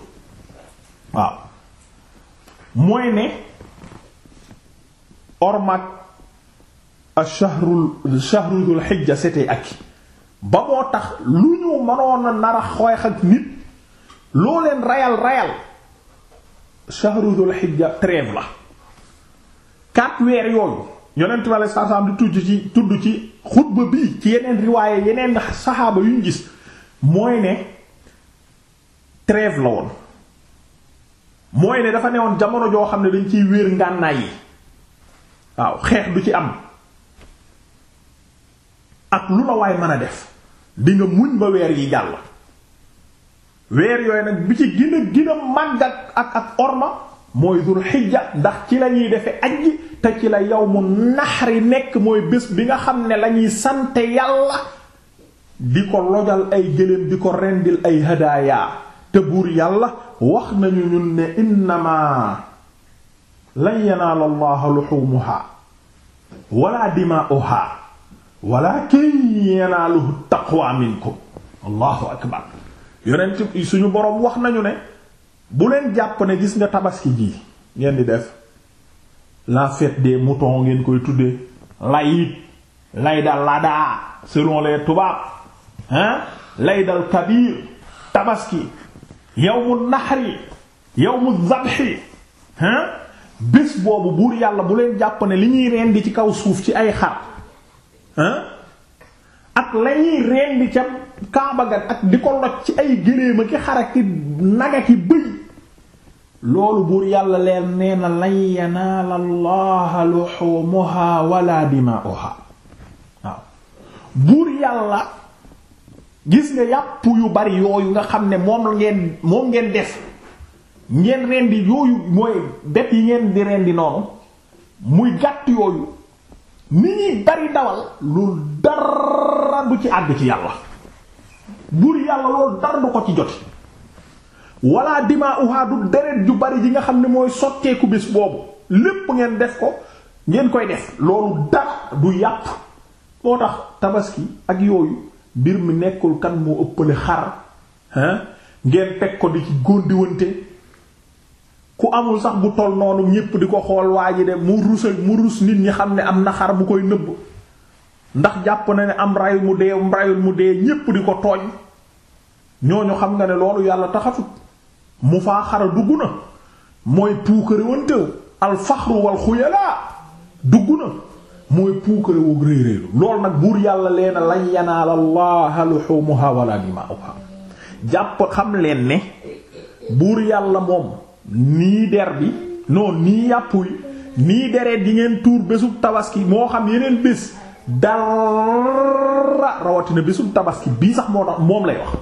waaw mooy ne ormak achahrul chahru dul xijja c'était ak ba moo tax lu ñu mënoon a xeex ak nit loo leen rayal rayal chahru dul xijja trêve la quatre weer yooyu yonent bi alei satu salaam di tudd ci tudd ci xutba bii ci yeneen riwaaye yeneen saxaaba yuñ gis mooy ne trêve la woon mooy ne dafa newoon jamono joo xam ne dañ ciy wéer ngànnaay yi waaw xeex du ci am ak lu la waay mën a def di nga muñ ba weer yi jàll weer yooyu nag bi ci gën a gën a màgg ak ak orma mooy dul xijja ndax ci la ñuy defe ajji te ci la yow yawmu naxri nekk mooy bés bi nga xam ne lañuy sante yàlla di ko lojal ay gëléem di ko rendil ay hadaaya te buur yàlla wax nañu ñun ne innamaa lan yanaala allaha luxumuhaa wala dimaa'uhaa walaakin yanaaluhu taqwa minkum allahu akbar yonent suñu boroom wax nañu ne bu leen jàpp ne gis nga tabaski ji ngeen di def la fête des moutons ngeen koy tudde layit layda ladaa selon tubaab ah laydal kabir tabaski yawmu naxri yawmu zabxi bés boobu buur yàlla bu leen jàpp ne li ñuy rendi ci kaw suuf ci ay xar ak la ñuy rendi ca kaaba ak di ko loj ci ay géléema ki xar ak ki naga ki bëy loolu buur yàlla leen nee na lan yanaala allaha luxumuha dimaa'uha waaw buur yàlla gis nga yàpp yu bari yooyu nga xam ne moom ngeen moom ngeen def ngeen rendi yooyu mooy bet yi ngeen di rendi noonu muy gàtt yooyu ni ñuy bari dawal loolu dara du ci àgg ci yàlla buur yàlla loolu dara du ko ci joti wala dima uhaa du deret ju bari ji nga xam ne mooy sotteeku bés boobu lépp ngeen def ko ngeen koy def loolu dara du yàpp moo tax tabaski ak yooyu mbir mi nekkul kan moo ëppale xar hein ngeen teg ko di ci góndiwante ku amul sax bu toll noonu ñépp di ko xool waa ji de mu rusal mu rus nit ñi xam ne am na xar mu koy nëbb ndax jàpp na ne am rayu mu dee rayul mu dee ñépp di ko tooñ ñooñu xam nga ne loolu yàlla taxatut mu faa xara dugg na mooy puukaréwantew alfaxru wal xuyalaa dugg na mooy puukare wu réeréeru loolu nag buur yàlla leen lan yanaala Allaha luhumuha wala dimaa'uha jàpp xam leen ne buur yàlla moom nii der bi noon nii yàpp wi nii dereet yi ngeen tuur bésub tabaski moo xam yeneen bés dara rawatina bésub tabaski bii sax moo tax moom lay wax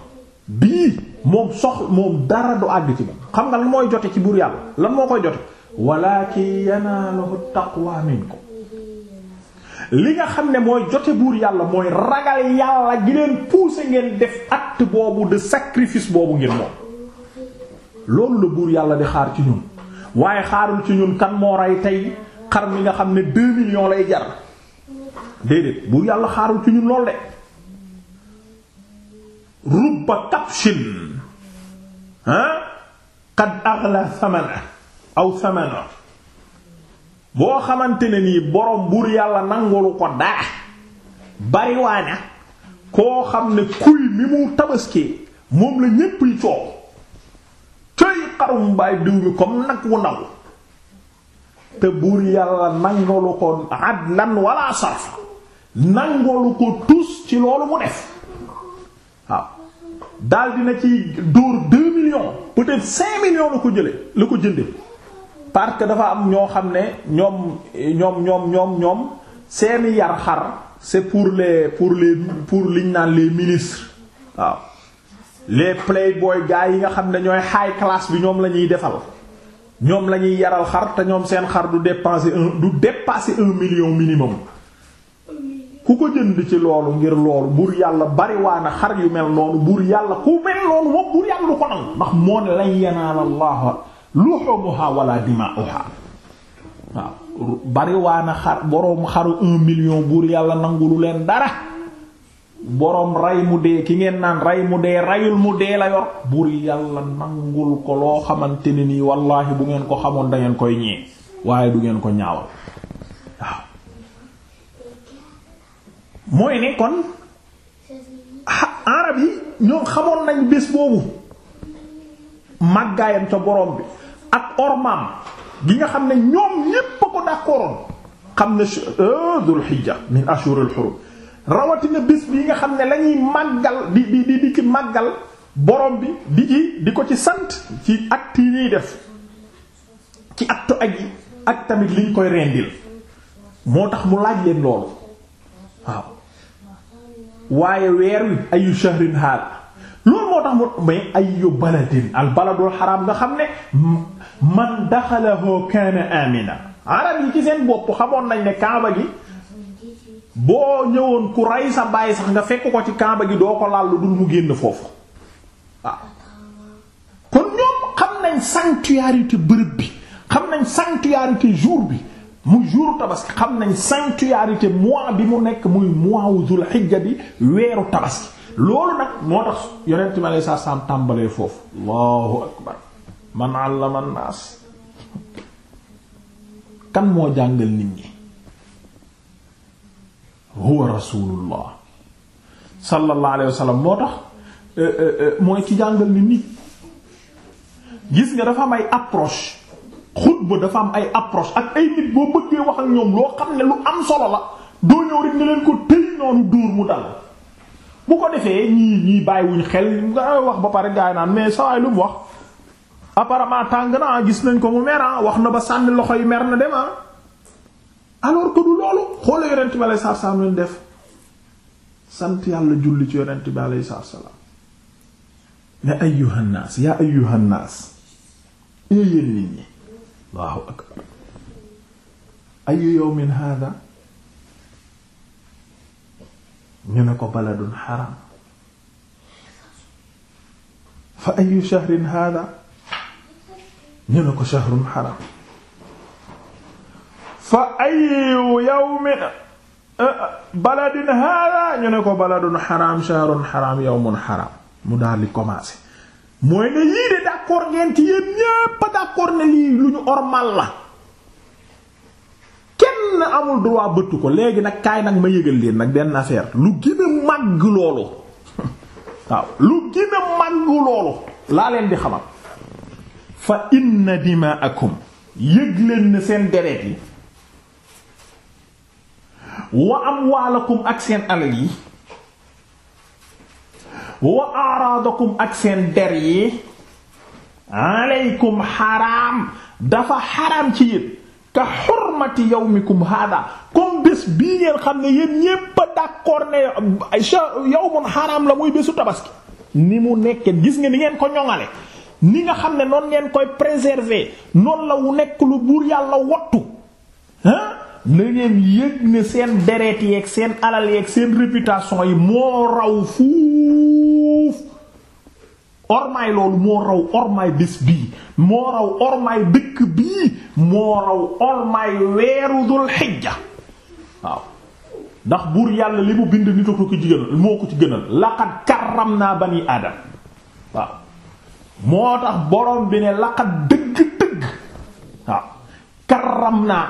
bii moom sox moom dara du àgg ci moom xam nga lan mooy jote ci buur yàlla lan moo koy jote walaakin yanaaluhu taqwa ko li nga xam ne mooy jote buur yàlla mooy ragal yàlla gi leen pousser ngeen def acte boobu de sacrifice boobu ngir moom loolu la buur yàlla di xaar ci ñun waaye xaarul ci ñun kan moo rey tey xar mi nga xam ne deux million lay jar déedéet buur yàlla xaarul ci ñun lool de rubba kapshin ah qad aghla thamana aw thamana boo xamante ne nii borom buur yàlla nangulu ko daa bariwaana koo xam ne kuy mi mu tabaskee moom la ñépp yi coow coy xarum baay diw mi comme nag wu ndaw te buur yàlla nangulu ko adlan wala sarfa nangulu ko tus ci loolu mu def waaw daal dina ci dóor deux millions peut-être cinq la ko jële la ko jënde parce que dafa am ñoo xam ne ñoom ñoom ñoom ñoom ñoom seeni yar xar c'est pour les pour les pour liñ naan lee ministres waaw les playboy gars yi nga xam ne ñooy high class bi ñoom la ñuy defal ñoom lañuy yaral xar te ñoom seen xar du dépenser un du dépasser un million minimum ku ko jënd ci loolu ngir loolu buur yàlla bariwaana xar yu mel noonu buur yàlla ku mel noonu moom buur yàlla ko nangu ndax moo ne lan yanaal allah luhumuha wala dima'uha waaw bariwaana xar boroom xaru un million buur yàlla nangulu leen dara boroom rey mu dee ki ngeen naan rey mu dee reyul mu dee la yor buur yàlla nangul ko loo xamante ne nii wallaahi bu ngeen ko xamoon da ngeen koy ñee waaye du ngeen ko ñaawal waaw mooy ne arab yi ñoom xamoon nañ bés boobu màggaayam ca boroom bi ak ormaam gi nga xam ne ñoom ñépp a ko d'accordoon xam ne euh, dul hijja min ashurul hurum rawatina bis bi nga xam ne la ñuy màggal di di di ci màggal borom bi di ci di ko ci sant ci acte yi def ci acte aj yi ak tamit liñ koy rendil moo tax mu laaj leen loolu waaw waaye weer wi ayu shahrin hada loolu moo tax mu mais ayyu baladin al baladul xaraam nga xam ne man daxalahu kaana amina arab yi ci seen bopp xamoon nañ ne kaaba gi boo ñëwoon ku rey sa bàyyi sax nga fekk ko ci kaaba gi doo ko laal lu mu génn foofu waaw ah. kon ñoom xam nañ sanctuarité bërëb bi xam nañ sanctuarité jour bi mu jour tabaski xam nañ sanctuarité mois bi mu nekk muy mois wu xijja bi weeru tabaski loolu nag moo tax yonent mi aleyhi salaatu tàmbalee foofu allahu akbar man allama naas kan moo jàngal nit ñi huwa rasulullah sallallahu alayhi moo tax euh, euh, euh, mooy ci jàngal nit ñi gis nga dafa am ay approche xutba dafa am ay approche ak ay nit boo bëggee wax ak ñoom loo xam ne lu am solo la doo ñëw rek nga leen ko tëy noonu dóor mu dal bu ko defee ñii ñii bàyyiwuñ xel nga wax ba pare gaay naan mais sawaay lu mu wax apparemment tàng na ah, gis nañ ko mu mer ah, wax na ba sànni loxo yi mer na demaa ah. alors que du loolu xoola yonent bi aleyhi salaatu salaam leen def sant yàlla julli ci yonent bi aleyhi salaatu salaam ne ayyuhan naas yaa ayyuhan naas nit ñi Allahu akbar ayyu yawmin haadaa ñu ne ko baladun xaram fa ayu shahrin hada ne ko shahrun xaram fa ay yawmin eh, baladin hada ñu ne ko baladun xaram shahrun xaram yawmun xaram mu daal di commencé ne yii de d'accord ngeen ci yéen ne lii lu ñu ormal la kenn amul ko léegi nag kaay nag ma yégal leen nag benn affaire lu gën a màgg loolu waaw laa leen di xamal fa inna dimaakum yëg leen ne seen deret yi wa amwaalakum ak seen alal yi wa araadakum ak seen der yi aleykum xaraam dafa xaraam ci yéen ka xormati yawmikum hada comme bés bii ngeen xam ne yéen ñépp a d'accord ne yawmun haram la muy bésu tabaski ni mu nekkee gis nga ni ngeen ko ñoŋale ni nga xam ne noon ngeen koy préserver noonu la wu nekk lu buur yàlla wattu ah na ngeen yëg ne seen deret yeeg seen alal yeeg seen réputation yi moo raw fuuf ormaay loolu moo raw ormaay bés bii moo raw ormaay dëkk bii moo raw ormaay weeru dul xijja waaw ndax buur yàlla li mu bind nit ko ci gënal moo ko ci gënal laqad karram naa bani aadam waaw moo tax borom bi ne laqad dëgg-dëgg waaw karram naa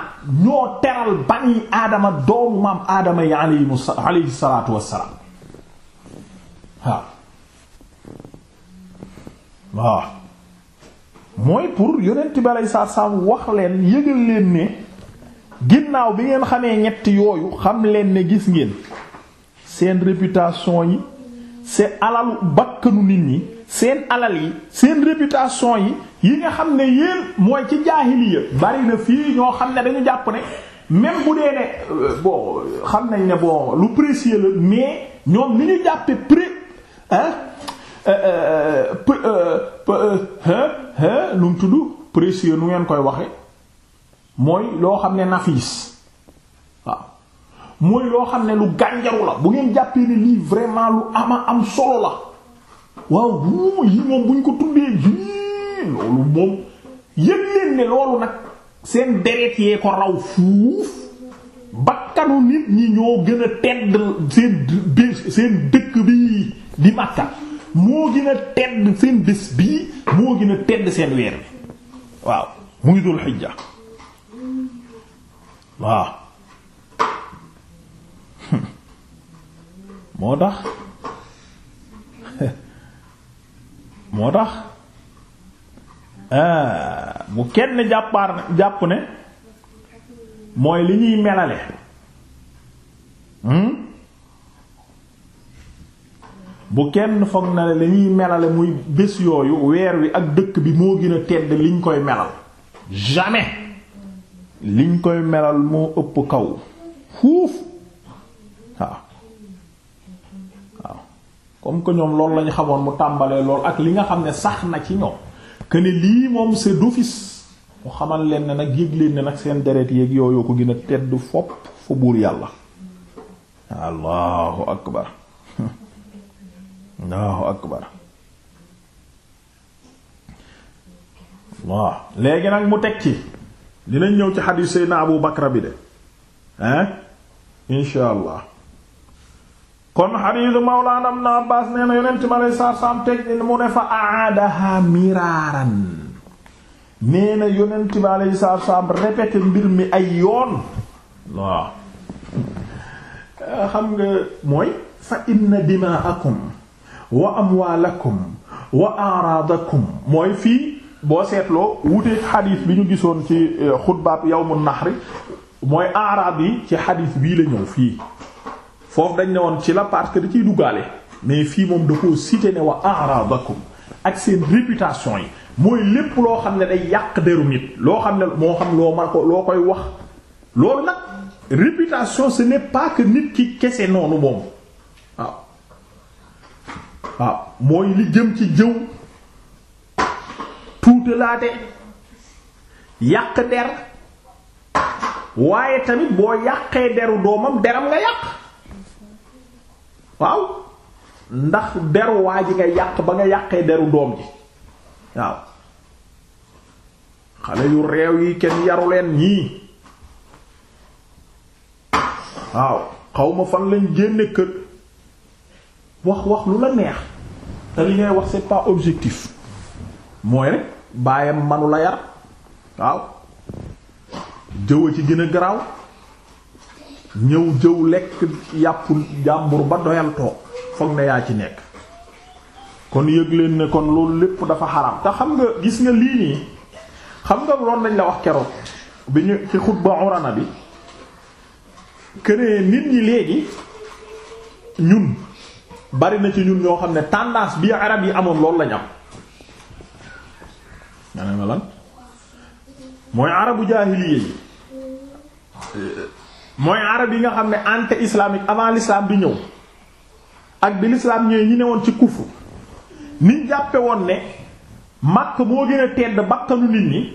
ñoo teral bani aadama doomu maam aadama yi alayhi salaatu wassalaam waaw waaw mooy pour yonent bi aley saa saam wax leen yëgal leen ne ginnaaw bi ngeen xamee ñetti yooyu xam leen ne gis ngeen seen réputation yi seen alalu bakkanu nit ñi seen alal yi seen réputation yi yi nga xam ne yéen mooy ci jaahiliya bari na fii ñoo xam ne dañu jàpp ne même bu dee ne euh, xam nañ ne bon lu précieux la mais ñoom ni ñu jàppe pré ah Euh, euh, euh, lu mu tudd précieux lu ngeen koy waxe mooy loo xam ne nafis waaw mooy loo xam ne lu gànjaru la bu ngeen jàppee ne lii vraiment lu ama am solo la waaw bu yi moom buñ ko tuddee ji loolu moom yëg ne loolu nag seen deret yee ko raw fuuf bakkanu nit ñi ñoo gën a tedd seen dëkk bi di Makka moo gën a tedd seen bés bii moo gën a tedd seen weer bi waaw muy dul xijja waaw moo tax moo tax ah, bu kenn jàppaar jàpp ne mooy li ñuy melale hmm? bu kenn foog na ne ñuy melale muy bés yooyu weer wi ak dëkk bi moo gën a tedd liñ koy melal jamais liñ koy melal moo ëpp kaw fuuf waaw waaw comme que ñoom loolu lañu xamoon mu tàmbalee lool ak li nga xam ne sax na ci ñoom que ne lii moom c'est d'office mu xamal leen ne nag yëg leen ne nag seen deret yeeg yooyu ko gën a tedd fopp fa buur yàlla allahu akbar Allahu akbar waaw léegi nag mu teg ci dinañ ñëw ci xadiis Seydina Abu Bakra bi de hein insha allah kon xadiisu Mawlaana Ibn Abbaas nee na yonent mi alayhi salaatu salaam teg mu ne fa aadaha miraaran nee na yonent mi alayhi salaatu salaam mbir mi ay yoon waaw xam nga mooy fa inna dimaakum wa amwaalakum wa araadakum mooy fii boo seetloo wuteeg xadiis bi ñu gisoon ci eh, xutbaab yawmun nahri mooy araad yi ci xadiis bii la ñëw fii foofu dañ ne woon ci la parce que da ciy duggaale mais fii moom da koo cité ne wa araadakum ak seen réputation yi mooy lépp loo xam ne day yàq deru nit loo xam ne moo xam loo ma ko loo koy wax loolu nag réputation ce n'est pas nit ki kese noonu moom waaw ah, mooy li jëm ci jëw tuutalaate yàq der waaye tamit boo yàqee deru doomam deram nga yàq waaw ndax deru nga yàq ba nga yàqee deru doom ji waaw xale yu réew yi kenn yaru leen ñii waaw xawma fan lañ génne kër wax wax lu la neex te li ngay wax c'est pas objectif mooy rek baayam manu la yar waaw jëw a ci gën garaaw ñëw jëw lekk yàpp jàmbur ba doyal toog foog na yaa ci nekk kon yëg leen ne kon loolu lépp dafa xaram te xam nga gis nga lii nii xam nga loolu lañ la wax keroog bi ñu ci xutba urana bi kënee nit ñi léegi ñun bari na ci ñun ñoo xam ne tendance bii arab yi amoon loolu lañ am nga ne ma mooy arabu jaahiliya yi mooy arab yi nga xam ne anté islamique avant l'islam di ñëw ak bi l'islam ñëwee ñi ne woon ci kufru niñ jàppe woon ne màkk moo gën a tedd bakkanu nit ñi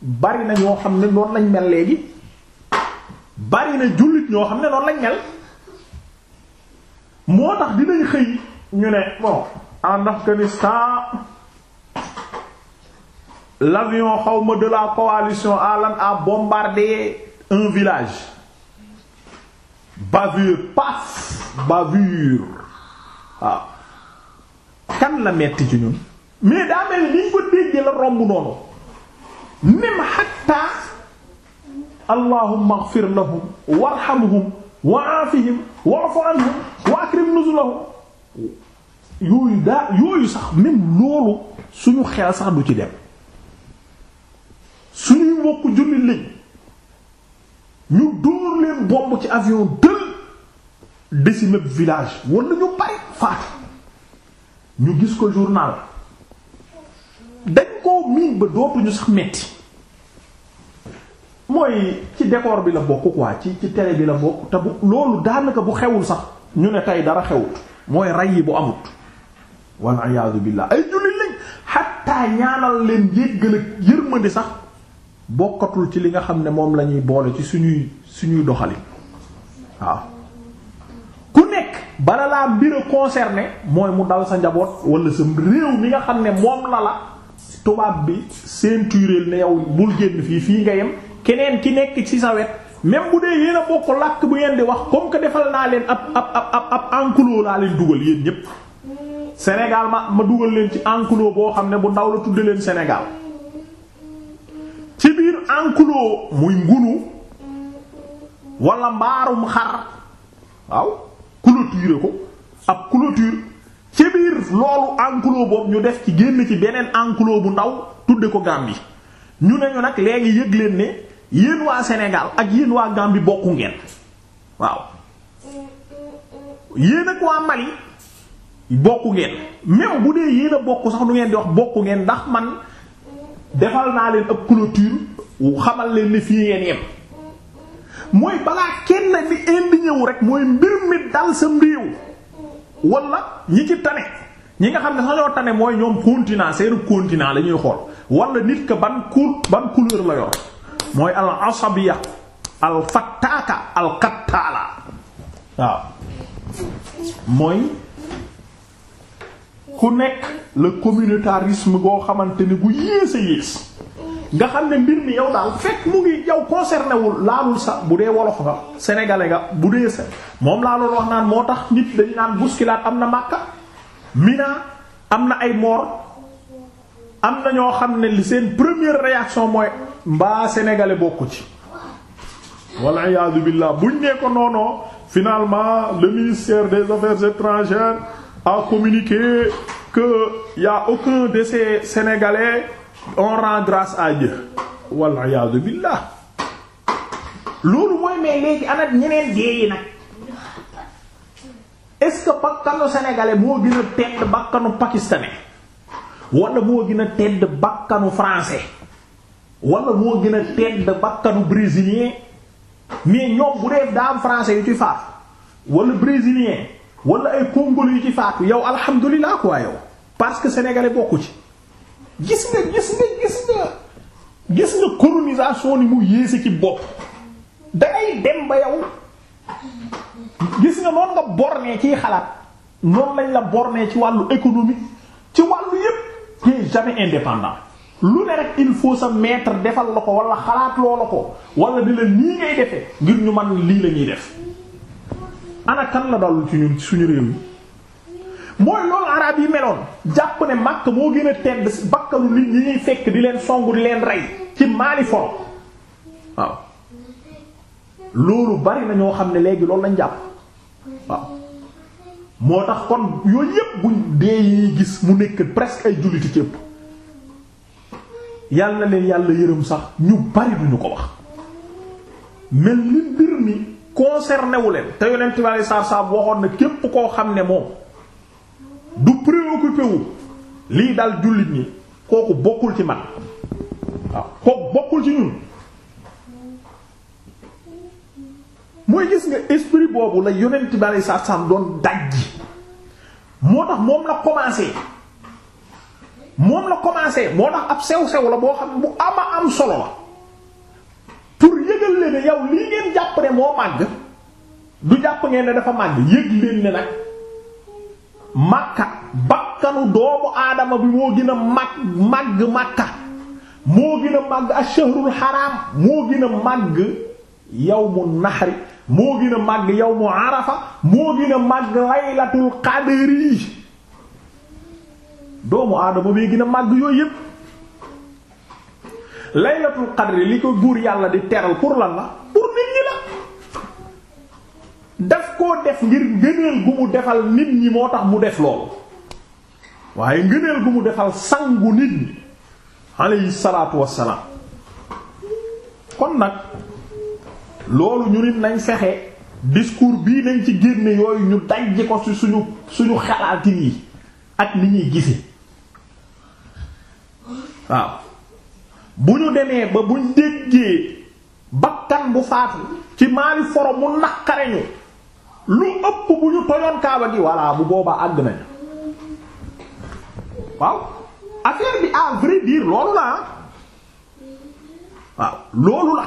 bari na ñoo xam ne noonu lañ mel léegi bari na jullit ñoo xam ne noonu lañ mel moo tax dinañ xëy ñu ne bon en Afghanistan l'avion xawma de la coalition alan a bombardé un village bavure paf bavure waaw kan la metti ci ñun mais daa mel liñ ko déggee la romb noonu même hatta allahumma ighfir lahum warhamhum wa aafihim wa'fu anhum wa akrim nuzulahum yooyu daa yooyu sax même loolu suñu xel sax du ci dem suñuy mbokk jullit lañ ñu dóor leen bomb ci avion dël décimé village war nañu bari faatu ñu gis ko journal dañ koo miin ba dootuñu sax metti mooy ci décor bi la bokk waa ci ci télé bi la bokk te bu loolu daanaka bu xewul sax ñu ne tey dara xewut mooy ray yi bu amut wal iyaadu billah ay jullit lañ xatta ñaanal leen jéggal ak yërmande sax bokkatul ci li nga xam ne moom la ñuy boole ci suñuy suñuy doxali waaw ku nekk bala laa mbir a mooy mu dal sa njaboot wala sa réew nga xam ne moom la tubaab bi ceinturel ne yow bul génn fii fii nga yem keneen ki nekk ci sa wet même bu dee yéen bokk làkk bu ngeen di wax comme que defal naa leen ab ab ab ab enclos laa leen dugal yéen ñépp Sénégal ma ma dugal leen ci enclos boo xam ne bu ndaw la tudde leen Sénégal ci biir enclos muy ngunu wala mbaarum xar waaw clôturer ko ab clôture ci biir loolu enclos boobu ñu def ci génn ci beneen enclos bu ndaw tudde ko Gambie ñu ne ñu nag léegi yëg leen ne. yéen waa Sénégal ak yéen waa bi bokku ngeen waaw yéen ak waa Mali bokku ngeen même bu dee yéen a bokk sax du ngeen di wax bokku ngeen ndax man defal naa leen ab clôture xamal leen ne fii ngeen yem mooy balaa kenn di indi ñëw rek mooy mbir mi dal sam réew wala ñi ci tane ñi nga xam ne sax ñoo tane mooy ñoom continent seenu continent la xool walla nit ka ban couleur ban couleur la yor. mooy al asabiya al fattaaka al qattaala waaw mooy ku nekk le communautarisme goo xamante ni gu yées yées nga xam ne mbir mi yow daal fekk mu ngi yow concerné wul laalul sa bu dee wolof nga sénégalais nga bu dee sa moom laa loolu wax naan moo tax nit dañ naan bousculade am na Makka Mina am na ay moor am na ñoo xam ne li seen première réaction mooy mbaa sénégalais bokku ci walla iyaadu billaah buñ nee ko noonoo finalement le ministère des affaires étrangères a communiqué que y aucun de ces on rend grâce à walla iyaadu billaah loolu mooy mais léegi ana ñeneen dee yi nag est-ce que bakkanu sénégalais moo gën a tedd bakkanu pakistanais wala moo gën tedd bakkanu français wala moo gën a tedd bakkanu brésilien mais ñoom bu dee daam français yu ci faatu wala brésilien wala ay congolais yu ci faatu yow alhamdulilah quoi yow parce que sénégalais bokku ci gis nga gis nga gis nga gis nga colonisation ni mu yéese ci bopp dangay dem ba yow gis nga noonu nga bornee ciy xalaat noonu lañ la bornee ci wàllu économie ci wàllu yépp t'es jamais indépendant lu ne rek il faut sa maître defal la ko wala xalaat loo la ko wala di la nii ngay defee ngir ñu man lii la def ana kan la dal ci ñun suñu réew mi mooy loolu arab yi meloon jàpp ne màkk moo gën a tedd bakkalu nit ñi fekk di leen songu di leen rey ci maali foro waaw loolu bari na ñoo xam ne léegi loolu lañ jàpp waaw moo tax kon yooyu yépp buñ dee yi gis mu nekk presque ay julliti cépp yàlla na leen yàlla yërëm sax ñu bari duñu ko wax mel li mbir mi concerné wu leen te yonent bi alei waxoon na képp koo xam ne moom du préoccupé wu lii daal jullit ñi kooku bokkul ci man waaw kooku bokkul ci ñun mooy gis nga esprit boobu la yonent bi alei saatu salaam doon dajji moo tax moom la commencé moom la commencé moo tax ab sew-sew la boo xam bu ama am solo la pour yëgal leen ne lii ngeen jàpp ne moo màgg du jàpp ngeen ne dafa màgg yëg leen ne nag màkka bakkanu doomu aadama bi moo gën a màgg màgg màkka moo gën a màgg ash-shahrul haram moo gën a màgg yawmu nahri moo gën a màgg yawmu arafa moo gën a màgg laylatul qadri doomu aadama bee gën a màgg yooyu yépp laylatul qadri li ko buur yàlla di teral pour lan la pour nit ñi la daf koo def ngir ngëneel gu mu defal nit ñi moo tax mu def loolu waaye ngëneel gu mu defal sangu nit ñi alayhi salaatu wassalaam kon nag loolu ñu nit nañ fexe discours bii nañ ci génne yooyu ñu dajji ko ci suñu xalaatin yi ak ni ñuy gise waaw bu ñu demee ba buñ déggee bakkan bu faatu ci maali foro mu naqare ñu lu ëpp bu ñu tojoon kaaba gi voilà bu boobaa àgg nañu waaw affaire bi à vrai loolu la waaw loolu la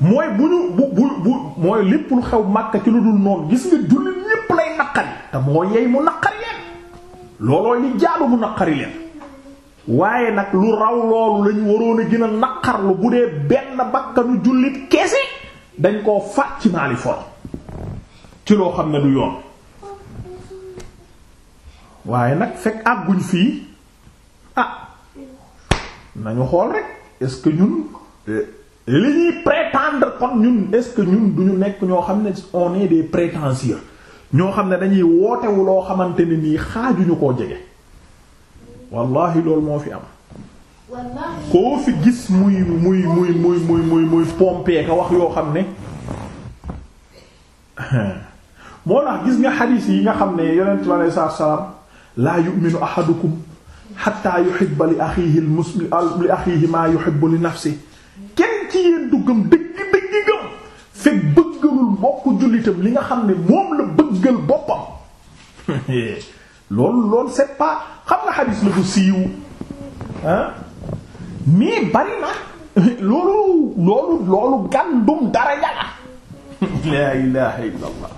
mooy bu ñu bu bu bu mooy lépp xew Makka ci lu dul noonu gis nga jullit ñépp lay naqari te moo yey mu naqari leen loolooy li jaalu mu naqari leen waaye nag lu raw loolu lañu waroon a gën a naqarlu bu dee benn bakkanu jullit kese dañ koo faat ci maali for ci loo xam ne du yoon waaye nag fekk àgguñ fii ah nañu xool rek est-ce que ñun eh, li ñuy prétendre kon ñun est-ce que ñu duñu nekk ñoo xam ne on est des prétentieux ñoo xam ne dañuy wootewu loo xamante ne nii xaajuñu koo jege wallahi loolu moo fi am koo fi gis muy muy muy muy muy muy muy pompé ka wax yoo xam ne moo tax gis nga xadiis yi nga xam ne yonent bi alei salaatu salaam laa yuminu ahadukum xatta yuhibba li axiihi al muslim li axiihi maa yuhibbu li nafsi kenn ci yéen du gëm dëgg dëgg gëm fekk bëggalul mbokk jullitam li nga xam ne moom la bëggal boppam loolu loolu c'est xam nga xadis la bu siiw ah bari na loolu loolu loolu gàndum dara yàlla laa ilaha illa allah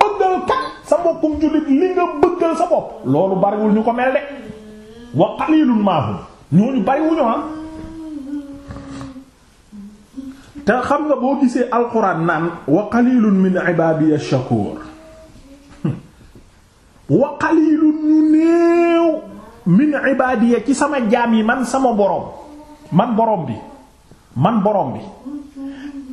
bëggal kan sa mbokkum jullit li nga bëggal sa bopp loolu bariwul ñu ko mel de wa qalilun maahum ñooñu bariwuñu am te xam nga boo gisee alquran naan wa qalilun min ibadiy ash-shakur wa qalilun ñu néew min ibadiya ci sama jaam yi man sama borom man borom bi man borom bi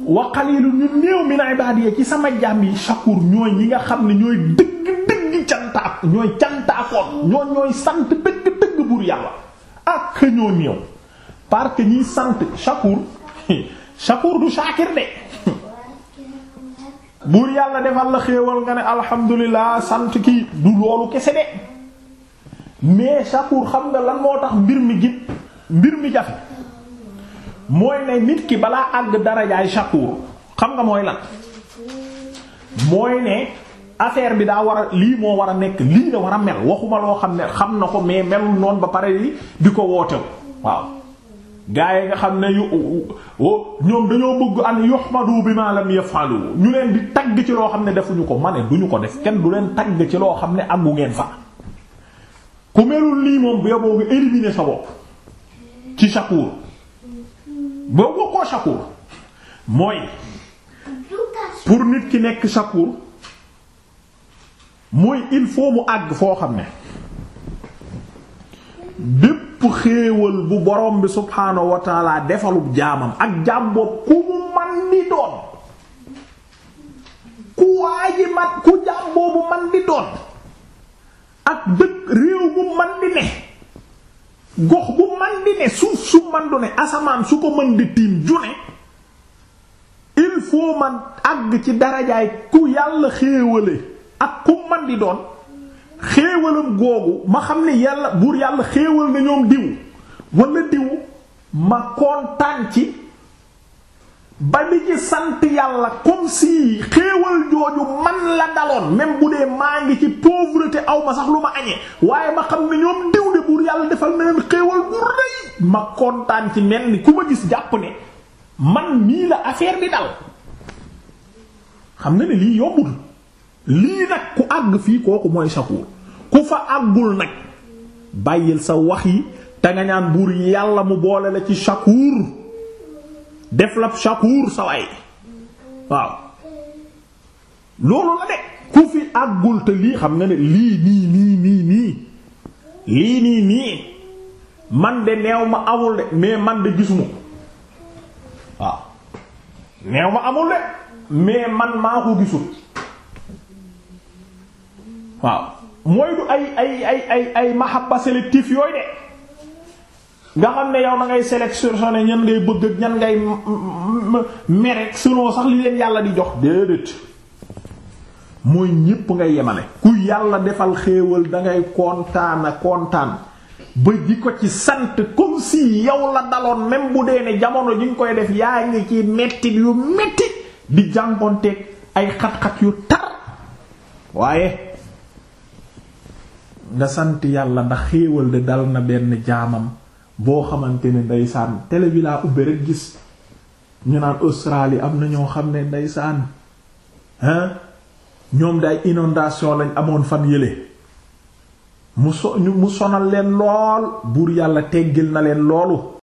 wa qalilun ñu néew min ibadiya ci sama jaam yi shakur ñooy ñi nga xam ne ñooy dëgg dëgg cantaak ñooy cantaakoon ñoo ñooy sant dëgg dëgg buur yàlla ak ñoo néew parce que sant shakur shakur du shaakir de buur yàlla defal la xéewal nga ne alhamdulilah sant ki du loolu kese de mais Shakur xam nga lan moo tax mbir mi git mbir mi jafe mooy ne nit ki balaa àgg darajaay Shakur xam nga mooy lan mooy ne affaire bi daa war a lii moo war a nekk lii la war a mel waxuma loo xam ne xam na ko mais melul noonu ba pare di ko wootew waaw gaay yi nga xam ne yu ñoom dañoo bëgg an yuhmadu bima lam yaf'alu ñu leen di tagg ci loo xam ne defuñu ko ma ne duñu ko def kenn du leen tagg ci loo xam ne àggu ngeen fa ku melul nii moom bu yoboo nga éliminer sa bopp ci shakur boo bokkoo shakur mooy pour nit ki nekk shakur mooy il faut mu àgg foo xam ne bépp bépp xéewal bu borom bi subhaanahu wa taala defalub jaamam ak jaam boobu ku man di doon ku waaji man ku jaam boobu man di doon ak dëkk réew bu man di ne gox bu man di ne suuf su man du ne asamaan su ko mën di tiim ju ne il faut man àgg ci darajaay ku yàlla xéewale ak ku man di doon xéewalam googu ma xam ne yàlla buur yàlla xéewal na ñoom diw wala diw ma kontaan ci ba li ci sant yàlla comme si xéewal jooju man la daloon même bu dee maa ngi ci pauvreté aw ma sax lu ma añee waaye ma xam ne ñoom diw de buur yàlla defal na leen xéewal bu ma kontaan ci mel ni ku ma gis jàpp ne man mii la affaire bi dal xam nga ne lii yombul lii nag ku àgg fii kooku mooy sakuur ku fa àggul nag bàyyil sa wax yi te nga ñaan buur yàlla mu boole la ci sakuur def la sakuur sa waay waaw loolu la de ku fi àggul te lii xam nga ne lii nii nii nii nii lii nii nii man de neew ma amul de mais man de gisuma ko waaw neew ma amul de mais man maa ko gisul waaw mooy du ay ay ay ay mahabba sélectif yooyu de nga xam ne yow na ngay sélectionner ñan ngay bëgg ak ñan ngay merek selon sax li leen yàlla di jox déedéet mooy ñépp ngay yemale ku yàlla defal xéewal dangay kontaana kontaan ba di ko ci sant comme si yow la daloon même bu dee ne jamono ji nga koy def yaa ngi ci metti yu metti di jàngoonteek ay xat-xat yu tar waaye nga sant yàlla ndax xéewal de dal na benn jaamam boo xamante ne ndeysaan télé bi laa ubbe rek gis ñu naan Australie am na ñoo xam ne ndeysaan hein ñoom day inondation lañ amoon fan yële mu so mu sonal leen lool buur yàlla teggil na leen loolu